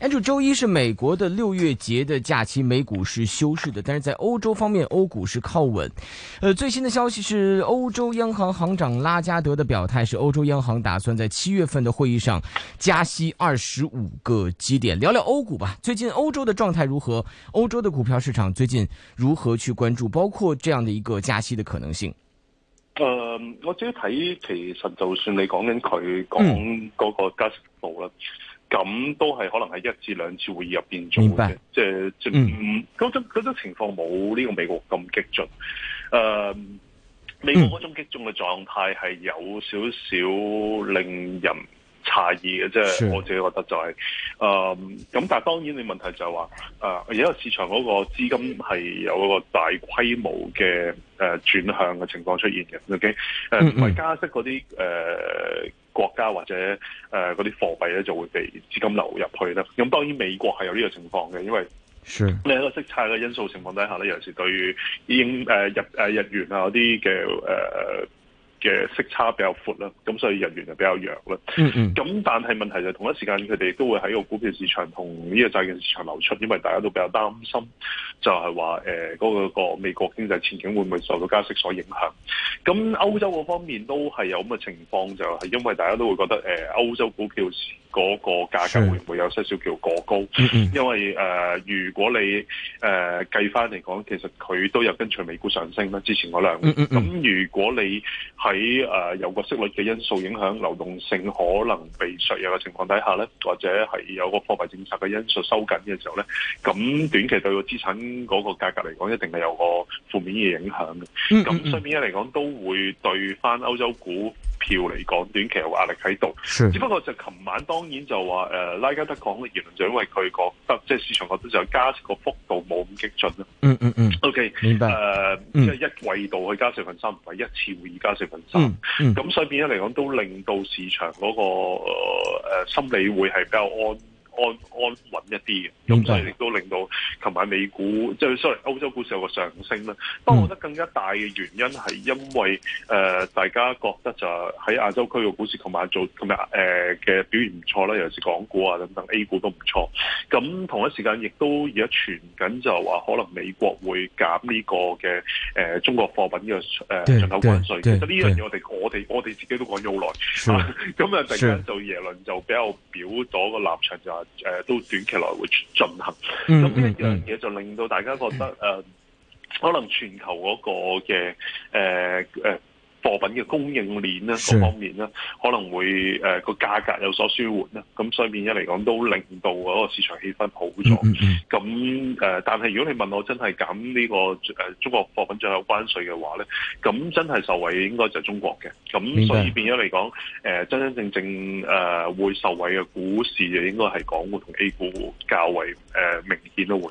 Andrew，周一是美國的六月節的假期，美股是休市的。但是在歐洲方面，歐股是靠穩。誒、呃，最新的消息是歐洲央行行長拉加德的表態是歐洲央行打算在七月份的會議上加息二十五個基點。聊聊歐股吧，最近歐洲的狀態如何？歐洲的股票市場最近如何去關注？包括這樣的一個加息的可能性。誒、嗯，我只要睇，其實就算你講緊佢講嗰個加息步啦。咁都係可能喺一至兩次會議入面做嘅，即係即嗰種種情況冇呢個美國咁激進。誒、呃，美國嗰種激進嘅狀態係有少少令人詫異嘅，即係我自己覺得就係、是、誒。咁、呃、但係當然，你問題就係話誒，而、呃、家個市場嗰個資金係有嗰個大規模嘅誒轉向嘅情況出現嘅。O K，誒，唔、okay? 係、呃、加息嗰啲誒。呃國家或者誒嗰啲貨幣咧就會被資金流入去啦。咁當然美國係有呢個情況嘅，因為你喺個息差嘅因素情況底下咧，尤其是對於已經誒日誒、呃、日元啊嗰啲嘅誒。嘅息差比較闊啦，咁所以人員就比較弱啦。咁但係問題就同一時間，佢哋都會喺個股票市場同呢個債券市場流出，因為大家都比較擔心就，就係話誒嗰個美國經濟前景會唔會受到加息所影響。咁歐洲嗰方面都係有咁嘅情況，就係、是、因為大家都會覺得誒歐、呃、洲股票嗰、那個價格會唔會有些少叫過高？Mm -hmm. 因為誒、呃，如果你誒、呃、計翻嚟講，其實佢都有跟隨美股上升啦。之前嗰兩，咁、mm -hmm. 如果你喺誒、呃、有個息率嘅因素影響，流動性可能被削弱嘅情況底下咧，或者係有個貨幣政策嘅因素收緊嘅時候咧，咁短期對個資產嗰個價格嚟講，一定係有個負面嘅影響嘅。咁面一嚟講，都會對翻歐洲股。票嚟講，短期有壓力喺度。只不過就琴晚當然就話誒、呃，拉加德講嘅言論就因為佢覺得即係、就是、市場覺得就加息個幅度冇咁激進啦。嗯嗯嗯。嗯、o、okay, K，明白、呃嗯、即係一季度去加四分三，唔係一次會議加四分三。咁、嗯嗯、所以變咗嚟講，都令到市場嗰、那個、呃、心理會係比較安安安穩一啲嘅，咁所以亦都令到琴晚美股即係 sorry 歐洲股市有個上升啦。不、嗯、過我覺得更加大嘅原因係因為誒、呃、大家覺得就喺亞洲區嘅股市琴晚做琴日誒嘅表現唔錯啦，尤其是港股啊等等 A 股都唔錯。咁同一時間亦都而家傳緊就話可能美國會減呢個嘅誒、呃、中國貨品嘅誒進口關稅。其實呢樣嘢我哋我哋我哋自己都講咗好耐。咁啊突然間就耶倫就比較表咗個立場就係誒、呃，都短期內會進行，咁呢一樣嘢，就令到大家覺得誒、嗯呃，可能全球嗰個嘅誒。誒、呃。呃貨品嘅供應鏈咧，各方面咧，可能會誒個、呃、價格有所舒緩咧，咁所以變咗嚟講都令到嗰個市場氣氛好咗。咁、嗯、誒、嗯嗯呃，但係如果你問我真係減呢個誒、呃、中國貨品最後關稅嘅話咧，咁真係受惠應該就係中國嘅。咁所以變咗嚟講，誒、呃、真真正正誒、呃、會受惠嘅股市，就應該係港股同 A 股較為誒、呃、明顯都會。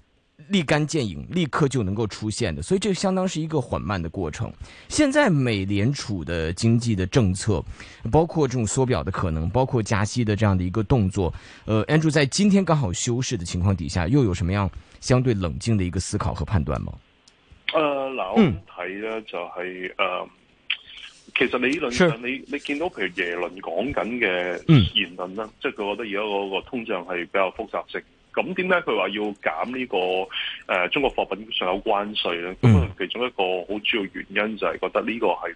立竿見影，立刻就能夠出現的，所以這相當是一個緩慢的過程。現在美聯儲的經濟的政策，包括這種縮表的可能，包括加息的這樣的一個動作，呃，Andrew 在今天剛好休市的情況底下，又有什麼樣相對冷靜的一個思考和判斷嗎？呃，嗱、就是，我睇就係，呃，其實理論上你你見到譬如耶倫講緊嘅言論啦、嗯，即係佢覺得而家嗰個通脹係比較複雜性。咁點解佢話要減呢、這個誒、呃、中國貨品上有關稅咧？咁、嗯、其中一個好主要原因就係覺得呢個係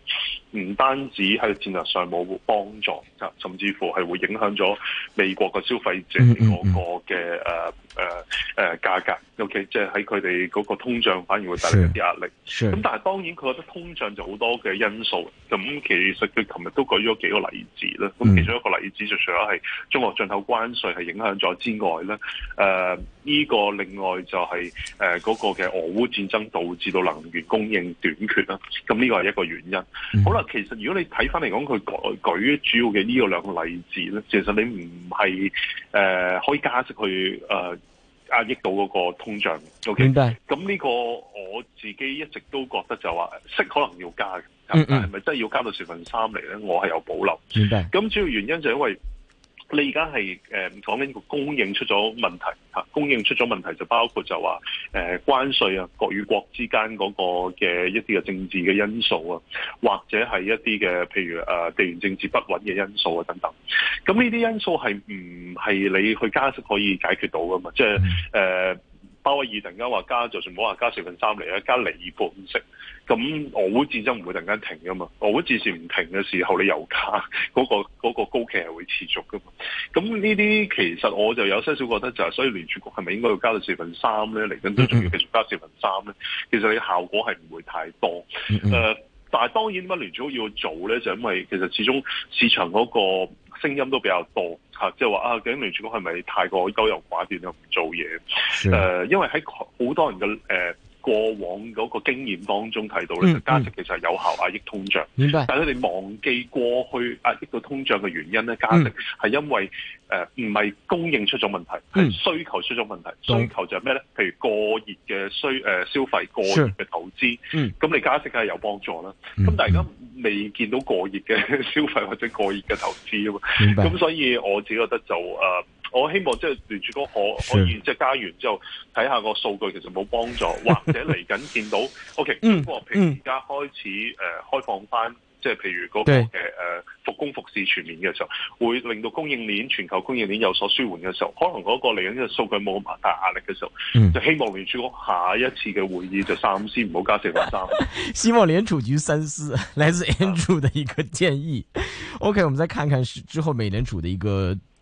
唔單止喺戰略上冇幫助，甚至乎係會影響咗美國嘅消費者嗰個嘅誒誒誒價格。OK，即係喺佢哋嗰個通脹反而會帶嚟一啲壓力。咁但係當然佢覺得通脹就好多嘅因素。咁其實佢琴日都舉咗幾個例子啦。咁其中一個例子就除咗係中國進口關稅係影響咗之外咧。誒、呃，呢、這個另外就係誒嗰個嘅俄烏戰爭導致到能源供應短缺啦，咁呢個係一個原因。嗯、好啦，其實如果你睇翻嚟講，佢舉,舉,舉主要嘅呢個兩個例子咧，其實你唔係誒可以加息去誒、呃、壓抑到嗰個通脹。O K，咁呢個我自己一直都覺得就話息可能要加嘅、嗯嗯，但係咪真係要加到四分三嚟咧？我係有保留。咁、嗯、主要原因就係因為。你而家係誒講緊個供應出咗問題嚇，供應出咗問題就包括就話誒關稅啊，國與國之間嗰個嘅一啲嘅政治嘅因素啊，或者係一啲嘅譬如誒地緣政治不穩嘅因素啊等等。咁呢啲因素係唔係你去加息可以解決到噶嘛？即係誒。嗯呃鮑威爾突然間話加，就算冇話加四分三嚟啦，加離半息，咁俄烏戰爭唔會突然間停噶嘛，俄烏戰線唔停嘅時候，你又加嗰、那個嗰、那個高企係會持續噶嘛，咁呢啲其實我就有些少覺得就係、是，所以聯儲局係咪應該要加到四分三咧？嚟緊都仲要繼續加四分三咧？其實你效果係唔會太多。嗯嗯 uh, 但係當然，乜聯儲要做呢，就因為其實始終市場嗰個聲音都比較多，即係話啊，究竟聯儲局係咪太過優柔寡斷又唔做嘢、呃？因為喺好多人嘅過往嗰個經驗當中睇到咧、嗯嗯，加息其實係有效壓抑通脹。但係佢哋忘記過去壓抑到通脹嘅原因咧，加息係因為誒唔係供應出咗問題，係、嗯、需求出咗問題、嗯。需求就係咩咧？譬如過熱嘅需、呃、消費、過熱嘅投資。嗯，咁你加息梗係有幫助啦。咁、嗯、大家未見到過熱嘅消費或者過熱嘅投資啊嘛。咁所以我自己覺得就誒。呃我希望即係聯儲局可可以即係加完之後睇下個數據其實冇幫助，或者嚟緊見到 O.K. 中國譬如而家開始誒開放翻，即係譬如嗰個嘅誒復工復市全面嘅時候，會令到供應鏈全球供應鏈有所舒緩嘅時候，可能嗰個嚟緊嘅數據冇咁大壓力嘅時候，嗯、就希望聯儲局下一次嘅會議就三思，唔好加四百三。 希望聯儲局三思，嚟自 Andrew 嘅一個建議。 O.K.，我們再看看之後美聯儲嘅一個。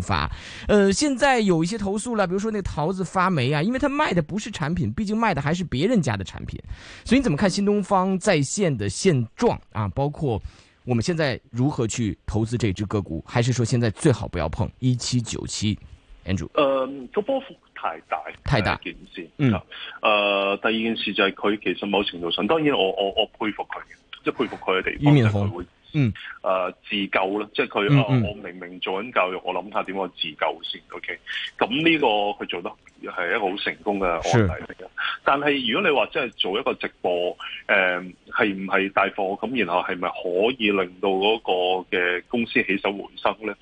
發，呃，現在有一些投訴了，比如說那個桃子發霉啊，因為他賣的不是產品，畢竟賣的還是別人家的產品，所以你怎麼看新東方在綫的現狀啊？包括我們現在如何去投資這隻個股，還是說現在最好不要碰一七九七？Andrew，呃，個波幅太大，太大件事。嗯，呃、嗯，第二件事就係佢其實某程度上，當然我我我佩服佢嘅，即係佩服佢嘅地方，嗯、呃，自救啦，即係佢、嗯嗯、啊，我明明做緊教育，我諗下點我自救先，OK？咁呢個佢做得係一個好成功嘅案例嚟嘅。但係如果你話即係做一個直播，誒係唔係帶貨咁，然後係咪可以令到嗰個嘅公司起手回生咧？誒、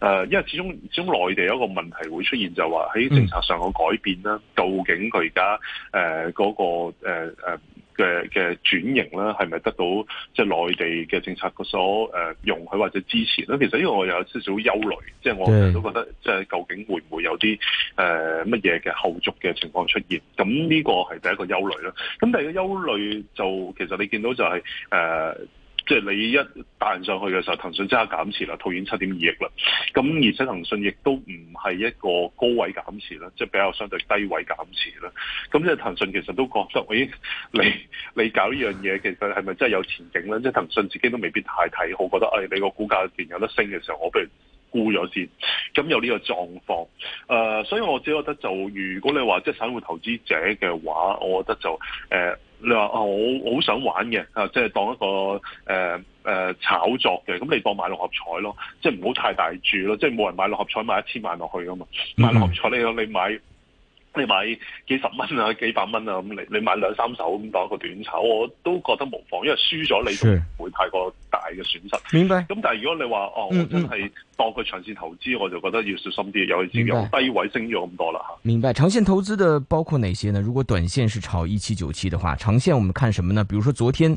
呃，因為始終始終內地有一個問題會出現，就係話喺政策上嘅改變啦。究竟佢而家誒嗰個誒、呃呃嘅嘅轉型咧，係咪得到即係內地嘅政策嘅所誒、呃、容許或者支持咧？其實因為我有少少憂慮，即係我都覺得、yeah. 即係究竟會唔會有啲誒乜嘢嘅後續嘅情況出現？咁呢個係第一個憂慮啦。咁第二個憂慮就其實你見到就係、是、誒。呃即、就、係、是、你一彈上去嘅時候，騰訊即刻減持啦，套現七點二億啦。咁而且騰訊亦都唔係一個高位減持啦，即、就、係、是、比較相對低位減持啦。咁即係騰訊其實都覺得，喂、哎、你你搞呢樣嘢，其實係咪真係有前景咧？即、就、係、是、騰訊自己都未必太睇好，覺得誒、哎，你個股價入面有得升嘅時候，我不如沽咗先。咁有呢個狀況，誒、呃，所以我只覺得就如果你話即係散戶投資者嘅話，我覺得就誒。呃你話啊、哦，我好想玩嘅，啊，即係當一個誒、呃呃、炒作嘅，咁你當買六合彩咯，即係唔好太大注咯，即係冇人買六合彩買一千萬落去㗎嘛，買六合彩你你買，你買幾十蚊啊，幾百蚊啊，咁你你買兩三手咁當一個短炒，我都覺得無妨，因為輸咗你都唔會太過大嘅損失。明白。咁但係如果你話哦，嗯嗯我真係當佢長線投資，我就覺得要小心啲，尤其是有啲咁低位升咗咁多啦吓。明白。長線投資的包括哪些呢？如果短線是炒一七九七的話，長線我們看什麼呢？比如說昨天。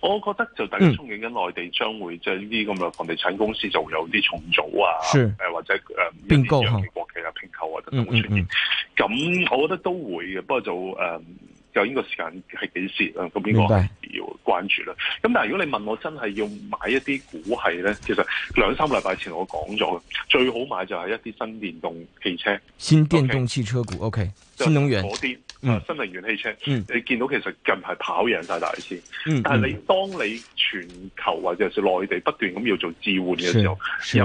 我覺得就大家憧憬緊內地將會即係呢啲咁嘅房地產公司就會有啲重組啊，誒或者誒、呃、變更嘅國企啊、併購啊等等會出現，咁、嗯嗯嗯、我覺得都會嘅，不過就誒。呃就呢個時間係幾時？咁邊個要關注啦？咁但係如果你問我真係要買一啲股係咧，其實兩三個禮拜前我講咗，最好買就係一啲新電動汽車。新電動汽車股，OK，, OK 新能源嗰啲、嗯啊，新能源汽車。嗯、你見到其實近排跑贏晒。大、嗯、先但係你、嗯、當你全球或者是內地不斷咁要做置換嘅時候，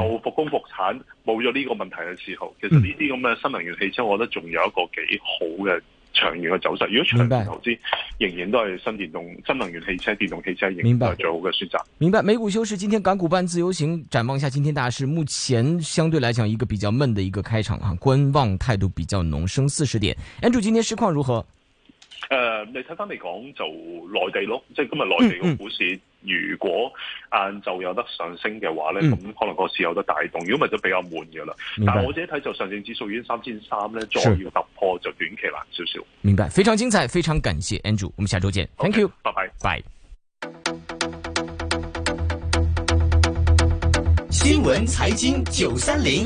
有復工復產，冇咗呢個問題嘅時候，其實呢啲咁嘅新能源汽車，我覺得仲有一個幾好嘅。長遠嘅走勢，如果長遠投資仍然都係新電動、新能源汽車、電動汽車仍然係最好嘅選擇。明白，美股休市，今天港股半自由行，展望一下今天大市，目前相對來講一個比較悶嘅一個開場啊，觀望態度比較濃，升四十點。Andrew，今天實況如何？誒、uh,，你睇翻嚟講就內地咯，即係今日內地個股市，嗯、如果晏晝有得上升嘅話咧，咁、嗯、可能個市有得大動，如果唔係都比較悶噶啦。但係我自己睇就上證指數已經三千三咧，再要突破就短期難少少。明白，非常精彩，非常感謝 Andrew，我們下周見 okay,，Thank you，拜拜，Bye。新聞財經九三零。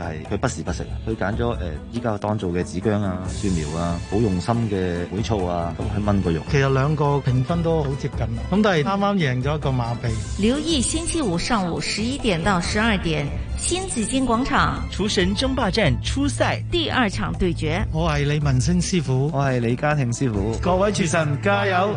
就係、是、佢不時不食，佢揀咗誒依家當做嘅紫姜啊、蒜苗啊，好用心嘅海草啊，咁去炆個肉。其實兩個評分都好接近，咁但係啱啱贏咗一個馬鼻。留意星期五上午十一點到十二點，新紫荊廣場廚神爭霸戰初賽第二場對決。我係李文星師傅，我係李家慶師傅，各位廚神加油！加油！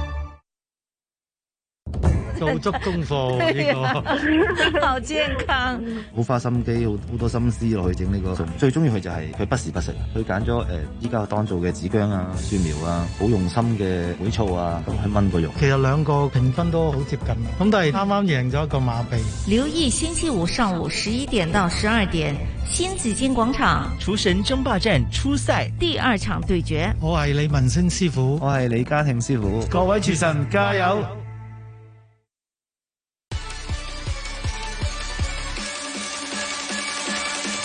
到足功夫呢、啊、個、 啊，好健康，好 花心機，好好多心思落去整呢、這個。最中意佢就係、是、佢不時不食，佢揀咗誒，依、呃、家當做嘅紫薑啊、蒜苗啊，好用心嘅海草啊，咁、嗯、去炆個肉。其實兩個評分都好接近，咁但係啱啱贏咗一個馬貝。留意星期五上午十一點到十二點，新紫荊廣場廚神爭霸戰初賽第二場對決。我係李文星師傅，我係李家慶師傅，各位廚神加油！加油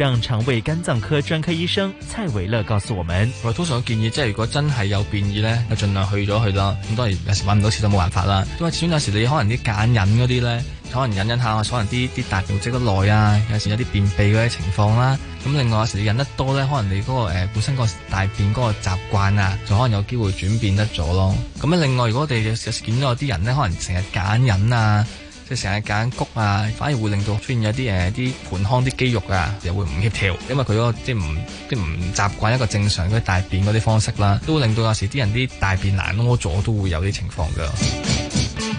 讓腸胃肝臟科專科醫生蔡偉樂告訴我們：我通常有建議，即係如果真係有便意呢，就盡量去咗去啦。咁當然有時揾唔到廁就冇辦法啦。因為始終有時你可能啲揀忍嗰啲呢，可能忍忍一下，可能啲啲大便積得耐啊，有時有啲便秘嗰啲情況啦、啊。咁另外有時你忍得多呢，可能你嗰、嗰個誒、呃、本身嗰個大便嗰個習慣啊，就可能有機會轉變得咗咯。咁另外如果我哋有時見到有啲人呢，可能成日揀忍啊。即係成日揀谷啊，反而會令到出現有啲誒啲盆腔啲肌肉啊，又會唔協調，因為佢個即係唔即係唔習慣一個正常嘅大便嗰啲方式啦、啊，都會令到有時啲人啲大便難屙咗，都會有啲情況噶。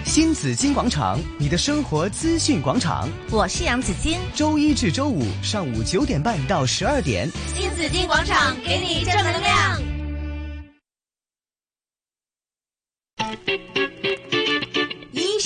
新紫荊廣場，你的生活資訊廣場，我是楊子矜。周一至周五上午九點半到十二點，新紫荊廣場給你正能量。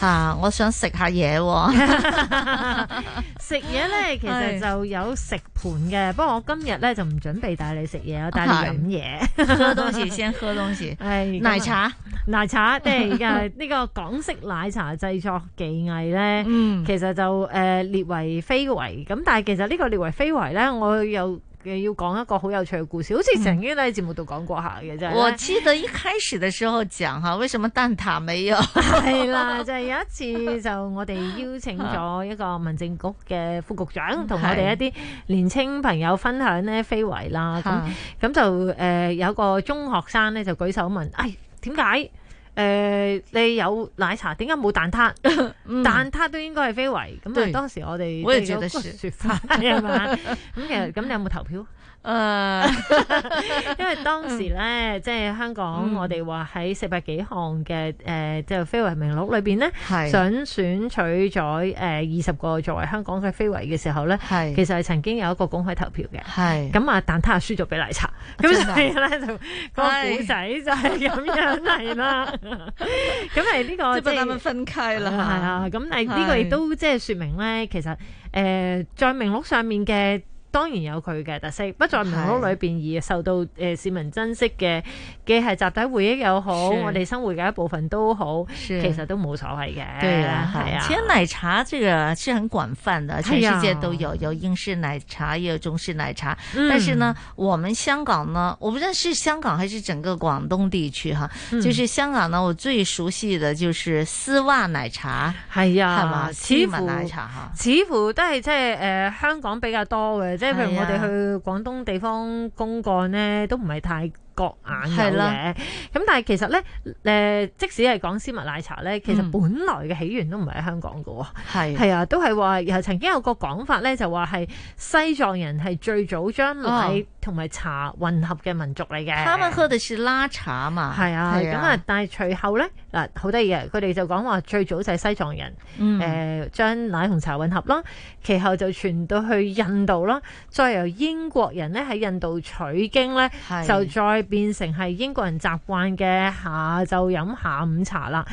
吓、啊！我想食下嘢、哦，食嘢咧其實就有食盤嘅。不過我今日咧就唔準備帶你食嘢，我帶你飲嘢。喝東西先，喝東西。係 東 奶茶，奶茶即係而家呢個港式奶茶製作技藝咧， 其實就誒列、呃、為非遺。咁但係其實呢個列為非遺咧，我又。又要講一個好有趣嘅故事，好似成日呢啲節目度講過下嘅。真係我記得一開始嘅時候講下為什麼蛋撻沒有？係 啦，就係、是、有一次就我哋邀請咗一個民政局嘅副局長，同我哋一啲年青朋友分享呢非遺啦，咁咁就誒、呃、有個中學生咧就舉手問，哎點解？誒、呃，你有奶茶，點解冇蛋撻、 嗯？蛋撻都應該係非遺。咁啊，當時我哋都做咗個説法。咁其實咁， 你有冇投票？誒， 因為當時咧，即係香港我們，我哋話喺四百幾項嘅誒，即係非遺名錄裏邊咧，想選取咗誒二十個作為香港嘅非遺嘅時候咧，係其實係曾經有一個公開投票嘅，係咁啊，蛋撻係輸咗俾奶茶，咁所以咧就 個古仔就係咁樣嚟啦。咁係呢個即係不嬲咁分開啦係啊。咁呢個亦都即係說明咧，其實誒、呃、在名錄上面嘅。當然有佢嘅特色，不在門口裏面，而受到市民珍惜嘅，既係集體回憶又好，我哋生活嘅一部分都好，其實都冇所謂嘅。對啊，係啊。其實奶茶這個是很廣泛的、哎、全世界都有，有英式奶茶，也有中式奶茶、嗯。但是呢，我們香港呢，我不知道是香港還是整個廣東地區哈、嗯，就是香港呢，我最熟悉嘅就是絲襪奶茶，係、哎、啊，係嘛？絲襪奶茶嚇，似乎都係即係香港比較多嘅。即係譬如我哋去廣東地方公幹咧，都唔係太。眼嘅咁、啊、但係其實咧，即使係講絲襪奶茶咧，其實本來嘅起源都唔係喺香港㗎喎，係、嗯、啊，都係話有曾經有個講法咧，就話係西藏人係最早將奶同埋茶混合嘅民族嚟嘅，佢哋係拉茶啊嘛，係啊，咁啊，啊，但係隨後咧，嗱，好得意嘅，佢哋就講話最早就係西藏人、嗯呃、將奶同茶混合啦，其後就傳到去印度啦，再由英國人咧喺印度取經咧，就再。變成係英國人習慣嘅下晝飲下午茶啦。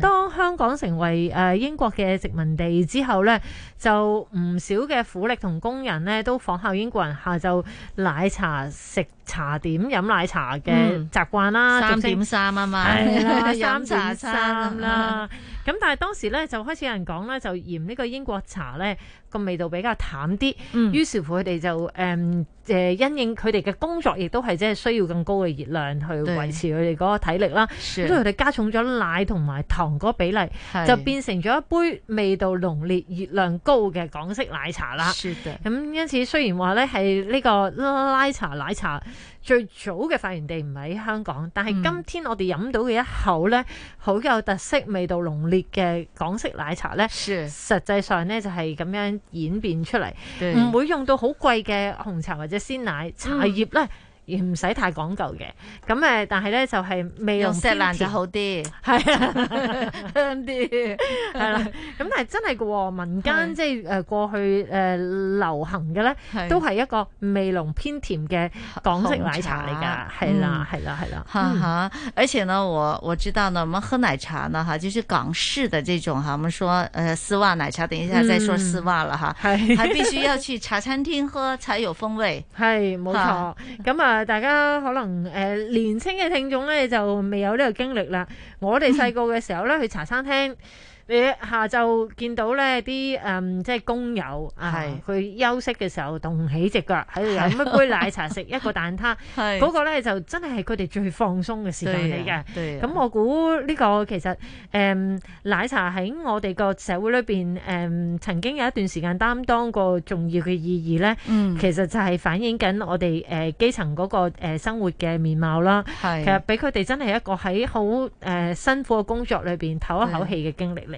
當香港成為誒英國嘅殖民地之後呢，就唔少嘅苦力同工人呢都仿效英國人下晝奶茶、食茶點、飲奶茶嘅習慣啦。三點三啊嘛，三 .3 吧 茶三啦。咁但係當時咧就開始有人講咧，就嫌呢個英國茶咧個味道比較淡啲，嗯，於是乎佢哋就誒誒、嗯、因應佢哋嘅工作，亦都係即係需要更高嘅熱量去維持佢哋嗰個體力啦，咁所以佢哋加重咗奶同埋糖嗰比例，就變成咗一杯味道濃烈、熱量高嘅港式奶茶啦。咁因此雖然話咧係呢個拉茶奶茶。最早嘅發源地唔喺香港，但係今天我哋飲到嘅一口呢，好有特色、味道濃烈嘅港式奶茶呢，實際上呢，就係咁樣演變出嚟，唔會用到好貴嘅紅茶或者鮮奶，茶葉呢。嗯而唔使太講究嘅，咁誒，但係咧就係味濃偏甜就好啲，係啊，香 啲、 啊，啦。咁但係真係嘅喎，民間即係誒過去誒、呃、流行嘅咧，都係一個味濃偏甜嘅港式奶茶嚟㗎，係啦，係啦、啊，係、嗯、啦。哈哈、啊啊嗯，而且呢，我我知道呢，我們喝奶茶呢，哈，就是港式的這種哈、啊，我們說誒絲、呃、襪奶茶，等一下再說絲襪啦，哈、嗯，係，還、啊、必須要去茶餐廳喝才有風味，係冇錯，咁沒 啊。嗯大家可能誒年輕嘅聽眾咧就未有呢個經歷啦。我哋細個嘅時候咧，去茶餐廳。 你下晝見到咧啲誒，即係工友啊，佢休息嘅時候動起隻腳喺度飲一杯奶茶，食一個蛋撻，嗰、那個咧就真係係佢哋最放鬆嘅時間嚟嘅。咁我估呢個其實誒、嗯，奶茶喺我哋個社會裏邊誒、嗯，曾經有一段時間擔當過重要嘅意義咧、嗯。其實就係反映緊我哋誒、呃、基層嗰、那個誒、呃、生活嘅面貌啦。其實俾佢哋真係一個喺好誒辛苦嘅工作裏邊唞一口氣嘅經歷嚟。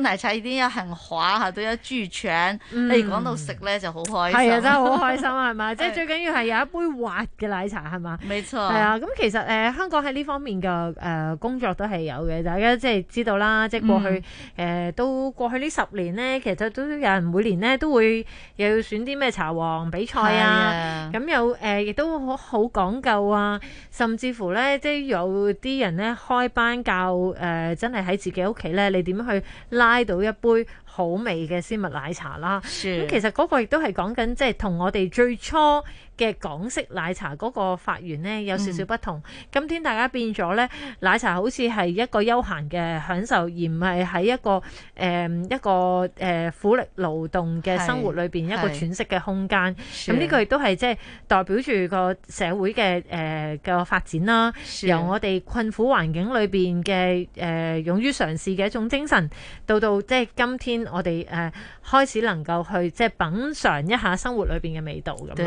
奶茶一定要好滑，嚇都有豬腸。你、嗯、講到食咧就好開心，係啊，真係好開心啊，係 嘛？即係最緊要係有一杯滑嘅奶茶，係嘛？冇錯。係啊，咁其實誒、呃、香港喺呢方面嘅、呃、工作都係有嘅，大家即係知道啦。即係過去誒都、嗯呃、過去呢十年咧，其實都有人每年咧都會又要選啲咩茶王比賽啊。咁有誒亦、呃、都好好講究啊，甚至乎咧即係有啲人咧開班教誒、呃、真係喺自己屋企咧，你點樣去拉到一杯好味嘅絲襪奶茶啦，咁其實嗰個亦都係講緊，即係同我哋最初嘅港式奶茶嗰個發源咧有少少不同，嗯、今天大家變咗咧，奶茶好似係一個休閒嘅享受，而唔係喺一個誒、呃、一個誒、呃、苦力勞動嘅生活裏邊一個喘息嘅空間，咁呢個亦都係即係代表住個社會嘅誒嘅發展啦。由我哋困苦環境裏邊嘅誒勇於嘗試，嘅一種精神，到到即係今天我哋誒、呃、開始能夠去即係品嘗一下生活裏邊嘅味道咁咯。對。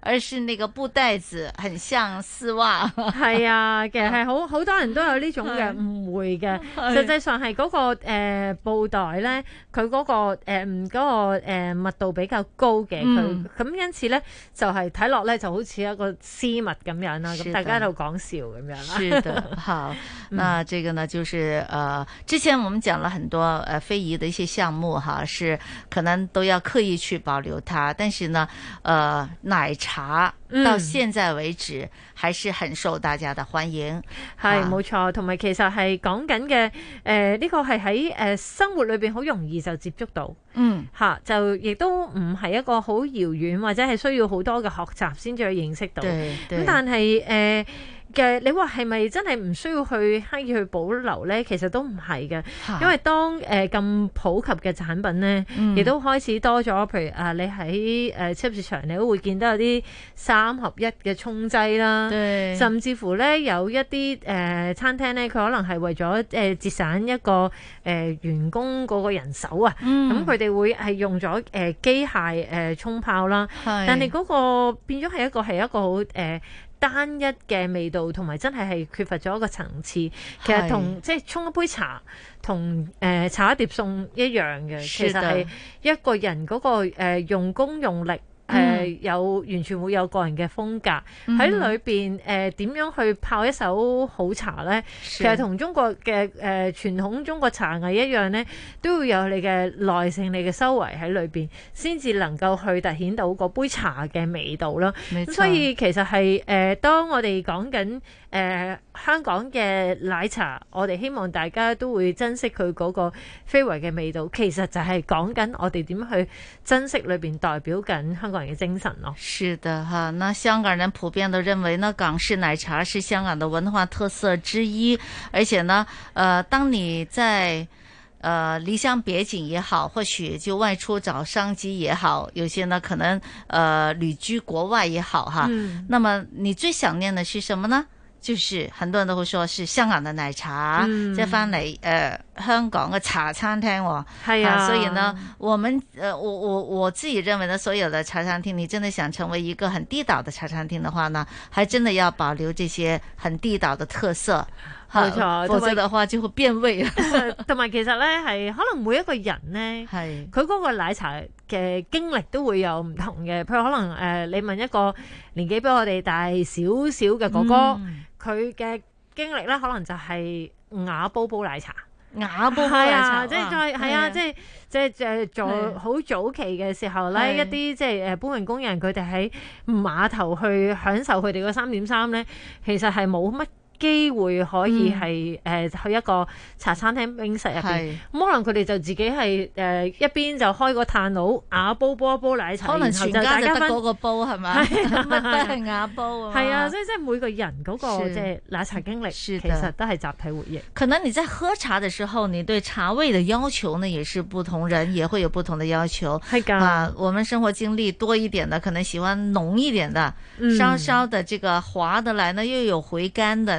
而是那個布袋子，很像絲襪。係 啊，其實係好好多人都有呢種嘅誤會嘅。 實際上係、嗰個誒、呃、布袋咧，佢、嗰個誒唔、呃嗰個誒、呃、密度比較高嘅，佢、嗯、咁因此咧就係睇落咧就好似一個絲襪咁樣啦。咁大家喺度講笑咁樣啦。是的，好、 嗯。那這個呢，就是誒、呃，之前我們講了很多誒、呃、非遺的一些項目，哈，是可能都要刻意去保留它，但是呢，誒、呃、奶茶。查，到現在為止、嗯、還是很受大家的歡迎，係冇錯。同埋、啊、其實係講緊嘅，誒、呃、呢、這個係喺誒生活裏邊好容易就接觸到，嗯吓、啊、就亦都唔係一個好遙遠或者係需要好多嘅學習先至去認識到，咁但係誒。呃嘅，你話係咪真係唔需要去刻意去保留咧？其實都唔係嘅，因為當誒咁、呃、普及嘅產品咧，亦、嗯、都開始多咗。譬如啊，你喺誒超市場，你都會見到有啲三合一嘅沖劑啦，對，甚至乎咧，有一啲誒、呃、餐廳咧，佢可能係為咗誒、呃、節省一個誒、呃、員工嗰個人手啊，咁佢哋會係用咗誒、呃、機械誒、呃、沖泡啦。但係嗰個變咗係一個係一個好誒。呃單一嘅味道同埋真係係缺乏咗一個層次，其實同即係沖一杯茶同誒、呃、炒一碟餸一樣嘅，其實係一個人嗰、那個誒、呃、用功用力。誒、嗯呃、有完全會有個人嘅風格喺裏、嗯、面誒點、呃、樣去泡一手好茶呢？其實同中國嘅誒、呃、傳統中國茶藝一樣呢，都要有你嘅耐性、你嘅修為喺裏面，先至能夠去突顯到嗰杯茶嘅味道囉。所以其實係誒、呃，當我哋講緊。誒、呃、香港嘅奶茶，我哋希望大家都會珍惜佢嗰個非遺嘅味道。其實就係講緊我哋點去珍惜裏面代表緊香港人嘅精神咯。是的，哈，那香港人普遍都認為呢，呢港式奶茶是香港的文化特色之一。而且呢，誒、呃，當你在誒、呃、離鄉別井也好，或許就外出找商機也好，有些呢可能誒、呃、旅居國外也好，哈、嗯。那麼你最想念的是什麼呢？就是很多人都會說是香港的奶茶，即係翻嚟香港嘅茶餐廳喎、哦。係啊，啊，所以呢，我們誒、呃、我我我自己認為呢，所有的茶餐廳，你真的想成為一個很地道的茶餐廳的話呢，還真的要保留這些很地道的特色。冇、嗯、錯、啊，否則的話就會變味啦。同埋其實呢，係可能每一個人呢，係佢嗰個奶茶嘅經歷都會有唔同嘅。譬如可能誒、呃，你問一個年紀比我哋大少少嘅哥哥。嗯佢嘅經歷咧，可能就係瓦煲煲奶茶，瓦煲煲奶茶，即係再係啊，即係、啊啊啊啊、即係在好早期嘅時候咧、啊，一啲即係誒搬運工人佢哋喺碼頭去享受佢哋嗰三點三咧，其實係冇乜。機會可以係、嗯、去一個茶餐廳冰室入邊，咁、嗯、可能佢哋就自己係、呃、一邊就開個炭爐瓦煲煲一煲奶茶，可能全家就家分就一個煲係咪？係，是啊、都係瓦煲、啊。係啊，所以即係每個人嗰個即係奶茶經歷，其實都係集體回憶。可能你在喝茶的時候，你對茶味的要求呢，也是不同人也會有不同的要求。係㗎、啊，我們生活經歷多一點的，可能喜歡濃一點的，嗯、稍稍的這個滑得來呢，又有回甘的。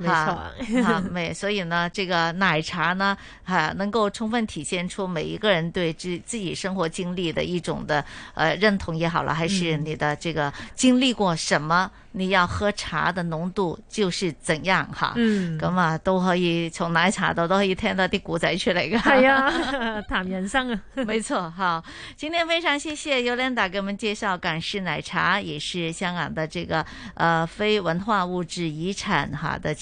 沒錯啊。 哈，沒所以呢，這個奶茶呢，哈，能夠充分體現出每一個人對自自己生活經歷的一種的呃認同也好了，還是你的這個經歷過什麼，嗯、你要喝茶的濃度就是怎樣哈，嗯，咁啊，都可以從奶茶度都可以聽到啲古仔出嚟噶，係、哎、啊，談人生啊， 棉山 沒錯，哈，今天非常謝謝 Yolanda 給我們介紹港式奶茶，也是香港的這個呃非文化物質遺產哈的。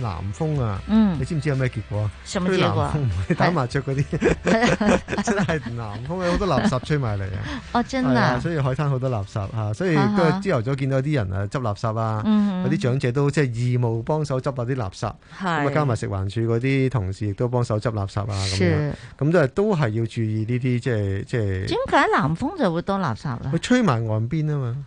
南風啊，你知唔知有咩結果啊？吹南風，打麻雀嗰啲， 真係南風有好多垃圾吹埋嚟啊！ 哦，真啊！所以海灘好多垃圾啊！所以今日朝頭早見到啲人啊，執垃圾啊，有啲長者都即係義務幫手執下啲垃圾，咁、嗯、啊、嗯、加埋食環署嗰啲同事亦都幫手執垃圾啊！咁樣，咁即係都係要注意呢啲，即係即係。點解南風就會多垃圾咧？佢吹埋岸邊啊嘛。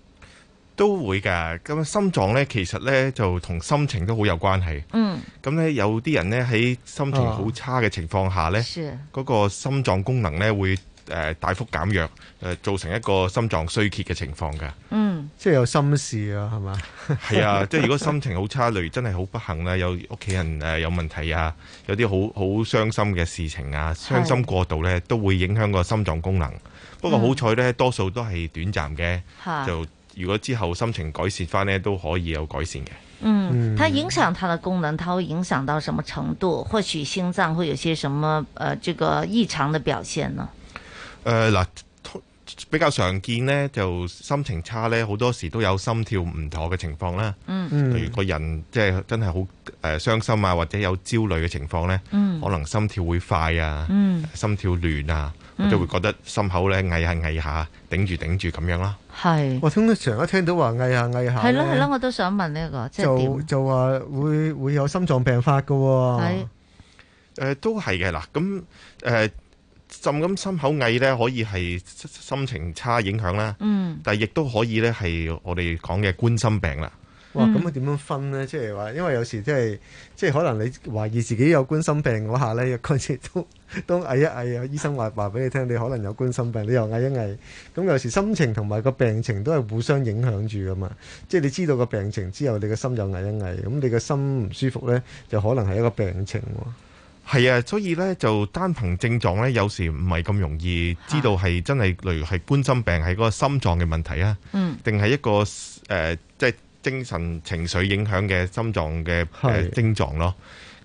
都會噶，咁心臟呢，其實呢就同心情都好有關係。嗯，咁呢，有啲人呢喺心情好差嘅情況下呢，嗰個心臟功能呢會誒大幅減弱，誒造成一個心臟衰竭嘅情況噶。嗯，即係有心事啊，係嘛？係啊， 即係如果心情好差，例如真係好不幸咧，有屋企人誒有問題啊，有啲好好傷心嘅事情啊，傷心過度呢都會影響個心臟功能。不過好彩呢，多數都係短暫嘅，就。如果之後心情改善翻呢，都可以有改善嘅。嗯，它影響它的功能，它會影響到什麼程度？或許心臟會有些什麼，呃，這個異常的表現呢？嗱、呃，比較常見呢，就心情差呢，好多時都有心跳唔妥嘅情況啦。嗯嗯，例如個人即係、嗯、真係好誒傷心啊，或者有焦慮嘅情況呢、嗯，可能心跳會快啊、嗯，心跳亂啊。就會覺得心口咧翳下翳下，頂住頂住咁樣啦。係。我通常一聽到話翳下翳下，係咯係咯，我都想問呢一個即係點、就話會會有心臟病發噶？係。誒、呃，都係嘅啦。咁誒、呃，浸咁心口翳咧，可以係心情差影響啦。嗯。但係亦都可以咧，係我哋講嘅冠心病啦。嗯、哇！咁啊，點樣分呢？即係話，因為有時即、就、係、是，即、就、係、是、可能你懷疑自己有冠心病嗰下呢，開始都都嗌一嗌呀，醫生話話俾你聽，你可能有冠心病，你又嗌一嗌。咁。有時心情同埋個病情都係互相影響住噶嘛。即、就、係、是、你知道個病情之後，你個心又嗌一嗌。咁你個心唔舒服呢，就可能係一個病情。係啊，所以呢，就單憑症狀呢，有時唔係咁容易知道係真係，例如係冠心病，係嗰個心臟嘅問題啊。定、嗯、係一個誒，即、呃、係。就是精神情緒影響嘅心臟嘅症狀咯，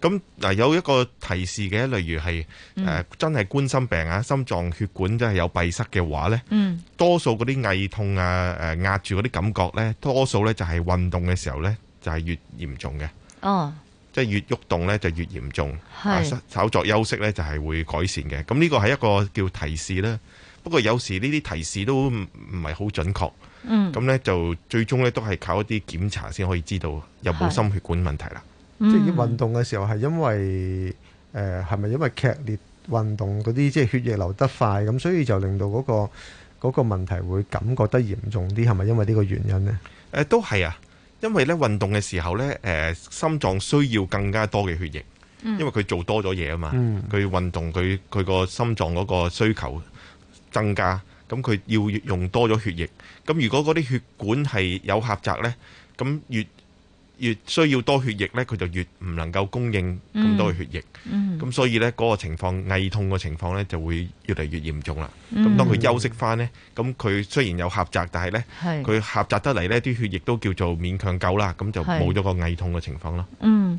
咁嗱有一個提示嘅，例如係誒、嗯呃、真係冠心病啊，心臟血管真係有閉塞嘅話咧、嗯，多數嗰啲畏痛啊誒、呃、壓住嗰啲感覺咧，多數咧就係運動嘅時候咧就係越嚴重嘅、哦，即係越喐動咧就越嚴重，啊、稍作休息咧就係會改善嘅。咁呢個係一個叫提示啦，不過有時呢啲提示都唔係好準確。咁咧就最終咧都係靠一啲檢查先可以知道有冇心血管問題啦。即係運動嘅時候，係因為誒，係咪因為劇烈運動嗰啲即係血液流得快咁，所以就令到嗰個嗰個問題會感覺得嚴重啲，係咪因為呢個原因呢？誒，都係啊，因為咧運動嘅時候咧，誒，心臟需要更加多嘅血液，因為佢做多咗嘢啊嘛，佢運動佢佢個心臟嗰個需求增加。咁佢要用多咗血液，咁如果嗰啲血管係有狹窄呢，咁越越需要多血液呢，佢就越唔能夠供應咁多嘅血液，咁、嗯嗯、所以呢，嗰、那個情況，翳痛嘅情況呢就會越嚟越嚴重啦。咁、嗯、當佢休息返呢，咁佢雖然有狹窄，但係呢，佢狹窄得嚟呢啲血液都叫做勉強夠啦，咁就冇咗個翳痛嘅情況啦。嗯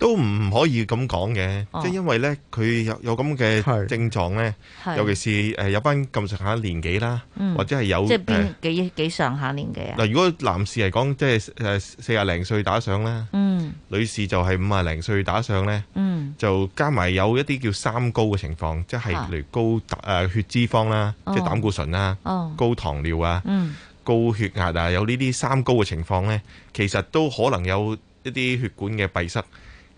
都唔可以咁講嘅，即係因為咧，佢有有咁嘅症狀咧，尤其是誒有班咁上下年紀啦，或者係有即係邊幾幾上下年紀啊？嗱，如果男士嚟講，即係誒四廿零歲打上啦，女士就係五廿零歲打上咧，就加埋有一啲叫三高嘅情況，即係例如高誒血脂肪啦，即係膽固醇啦，高糖尿啊，高血壓啊，有呢啲三高嘅情況咧，其實都可能有一啲血管嘅閉塞。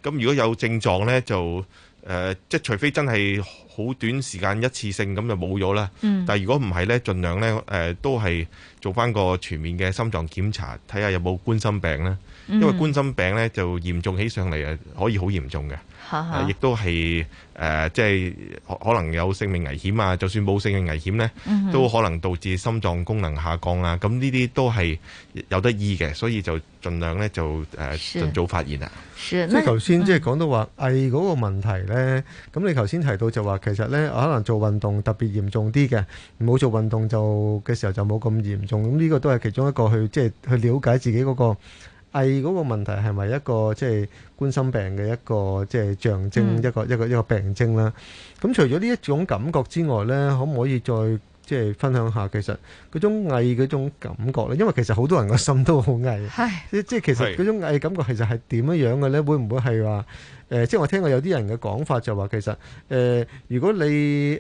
咁如果有症狀呢，就誒、呃，即除非真係好短時間一次性咁就冇咗啦。但係如果唔係呢，盡量呢誒、呃，都係做翻個全面嘅心臟檢查，睇下有冇冠心病呢。因為冠心病咧，就嚴重起上嚟啊，可以好嚴重嘅，亦都係誒，即係可能有性命危險啊。就算冇性命危險咧，都可能導致心臟功能下降啊。咁呢啲都係有得醫嘅，所以就盡量咧，就誒盡早發現啊。即係頭先即係講到話翳嗰個問題咧，咁你頭先提到就話其實咧，可能做運動特別嚴重啲嘅，冇做運動就嘅時候就冇咁嚴重。咁呢個都係其中一個去即係去了解自己嗰個。翳嗰個問題係咪一個即係冠心病嘅一個即係象徵一個一個一個病徵啦？咁除咗呢一種感覺之外咧，可唔可以再即係分享下其實嗰種翳嗰種感覺咧？因為其實好多人個心都好翳，係即係其實嗰種翳感覺其實係點樣樣嘅咧？會唔會係話誒，即係我聽過有啲人嘅講法就話其實誒，如果你誒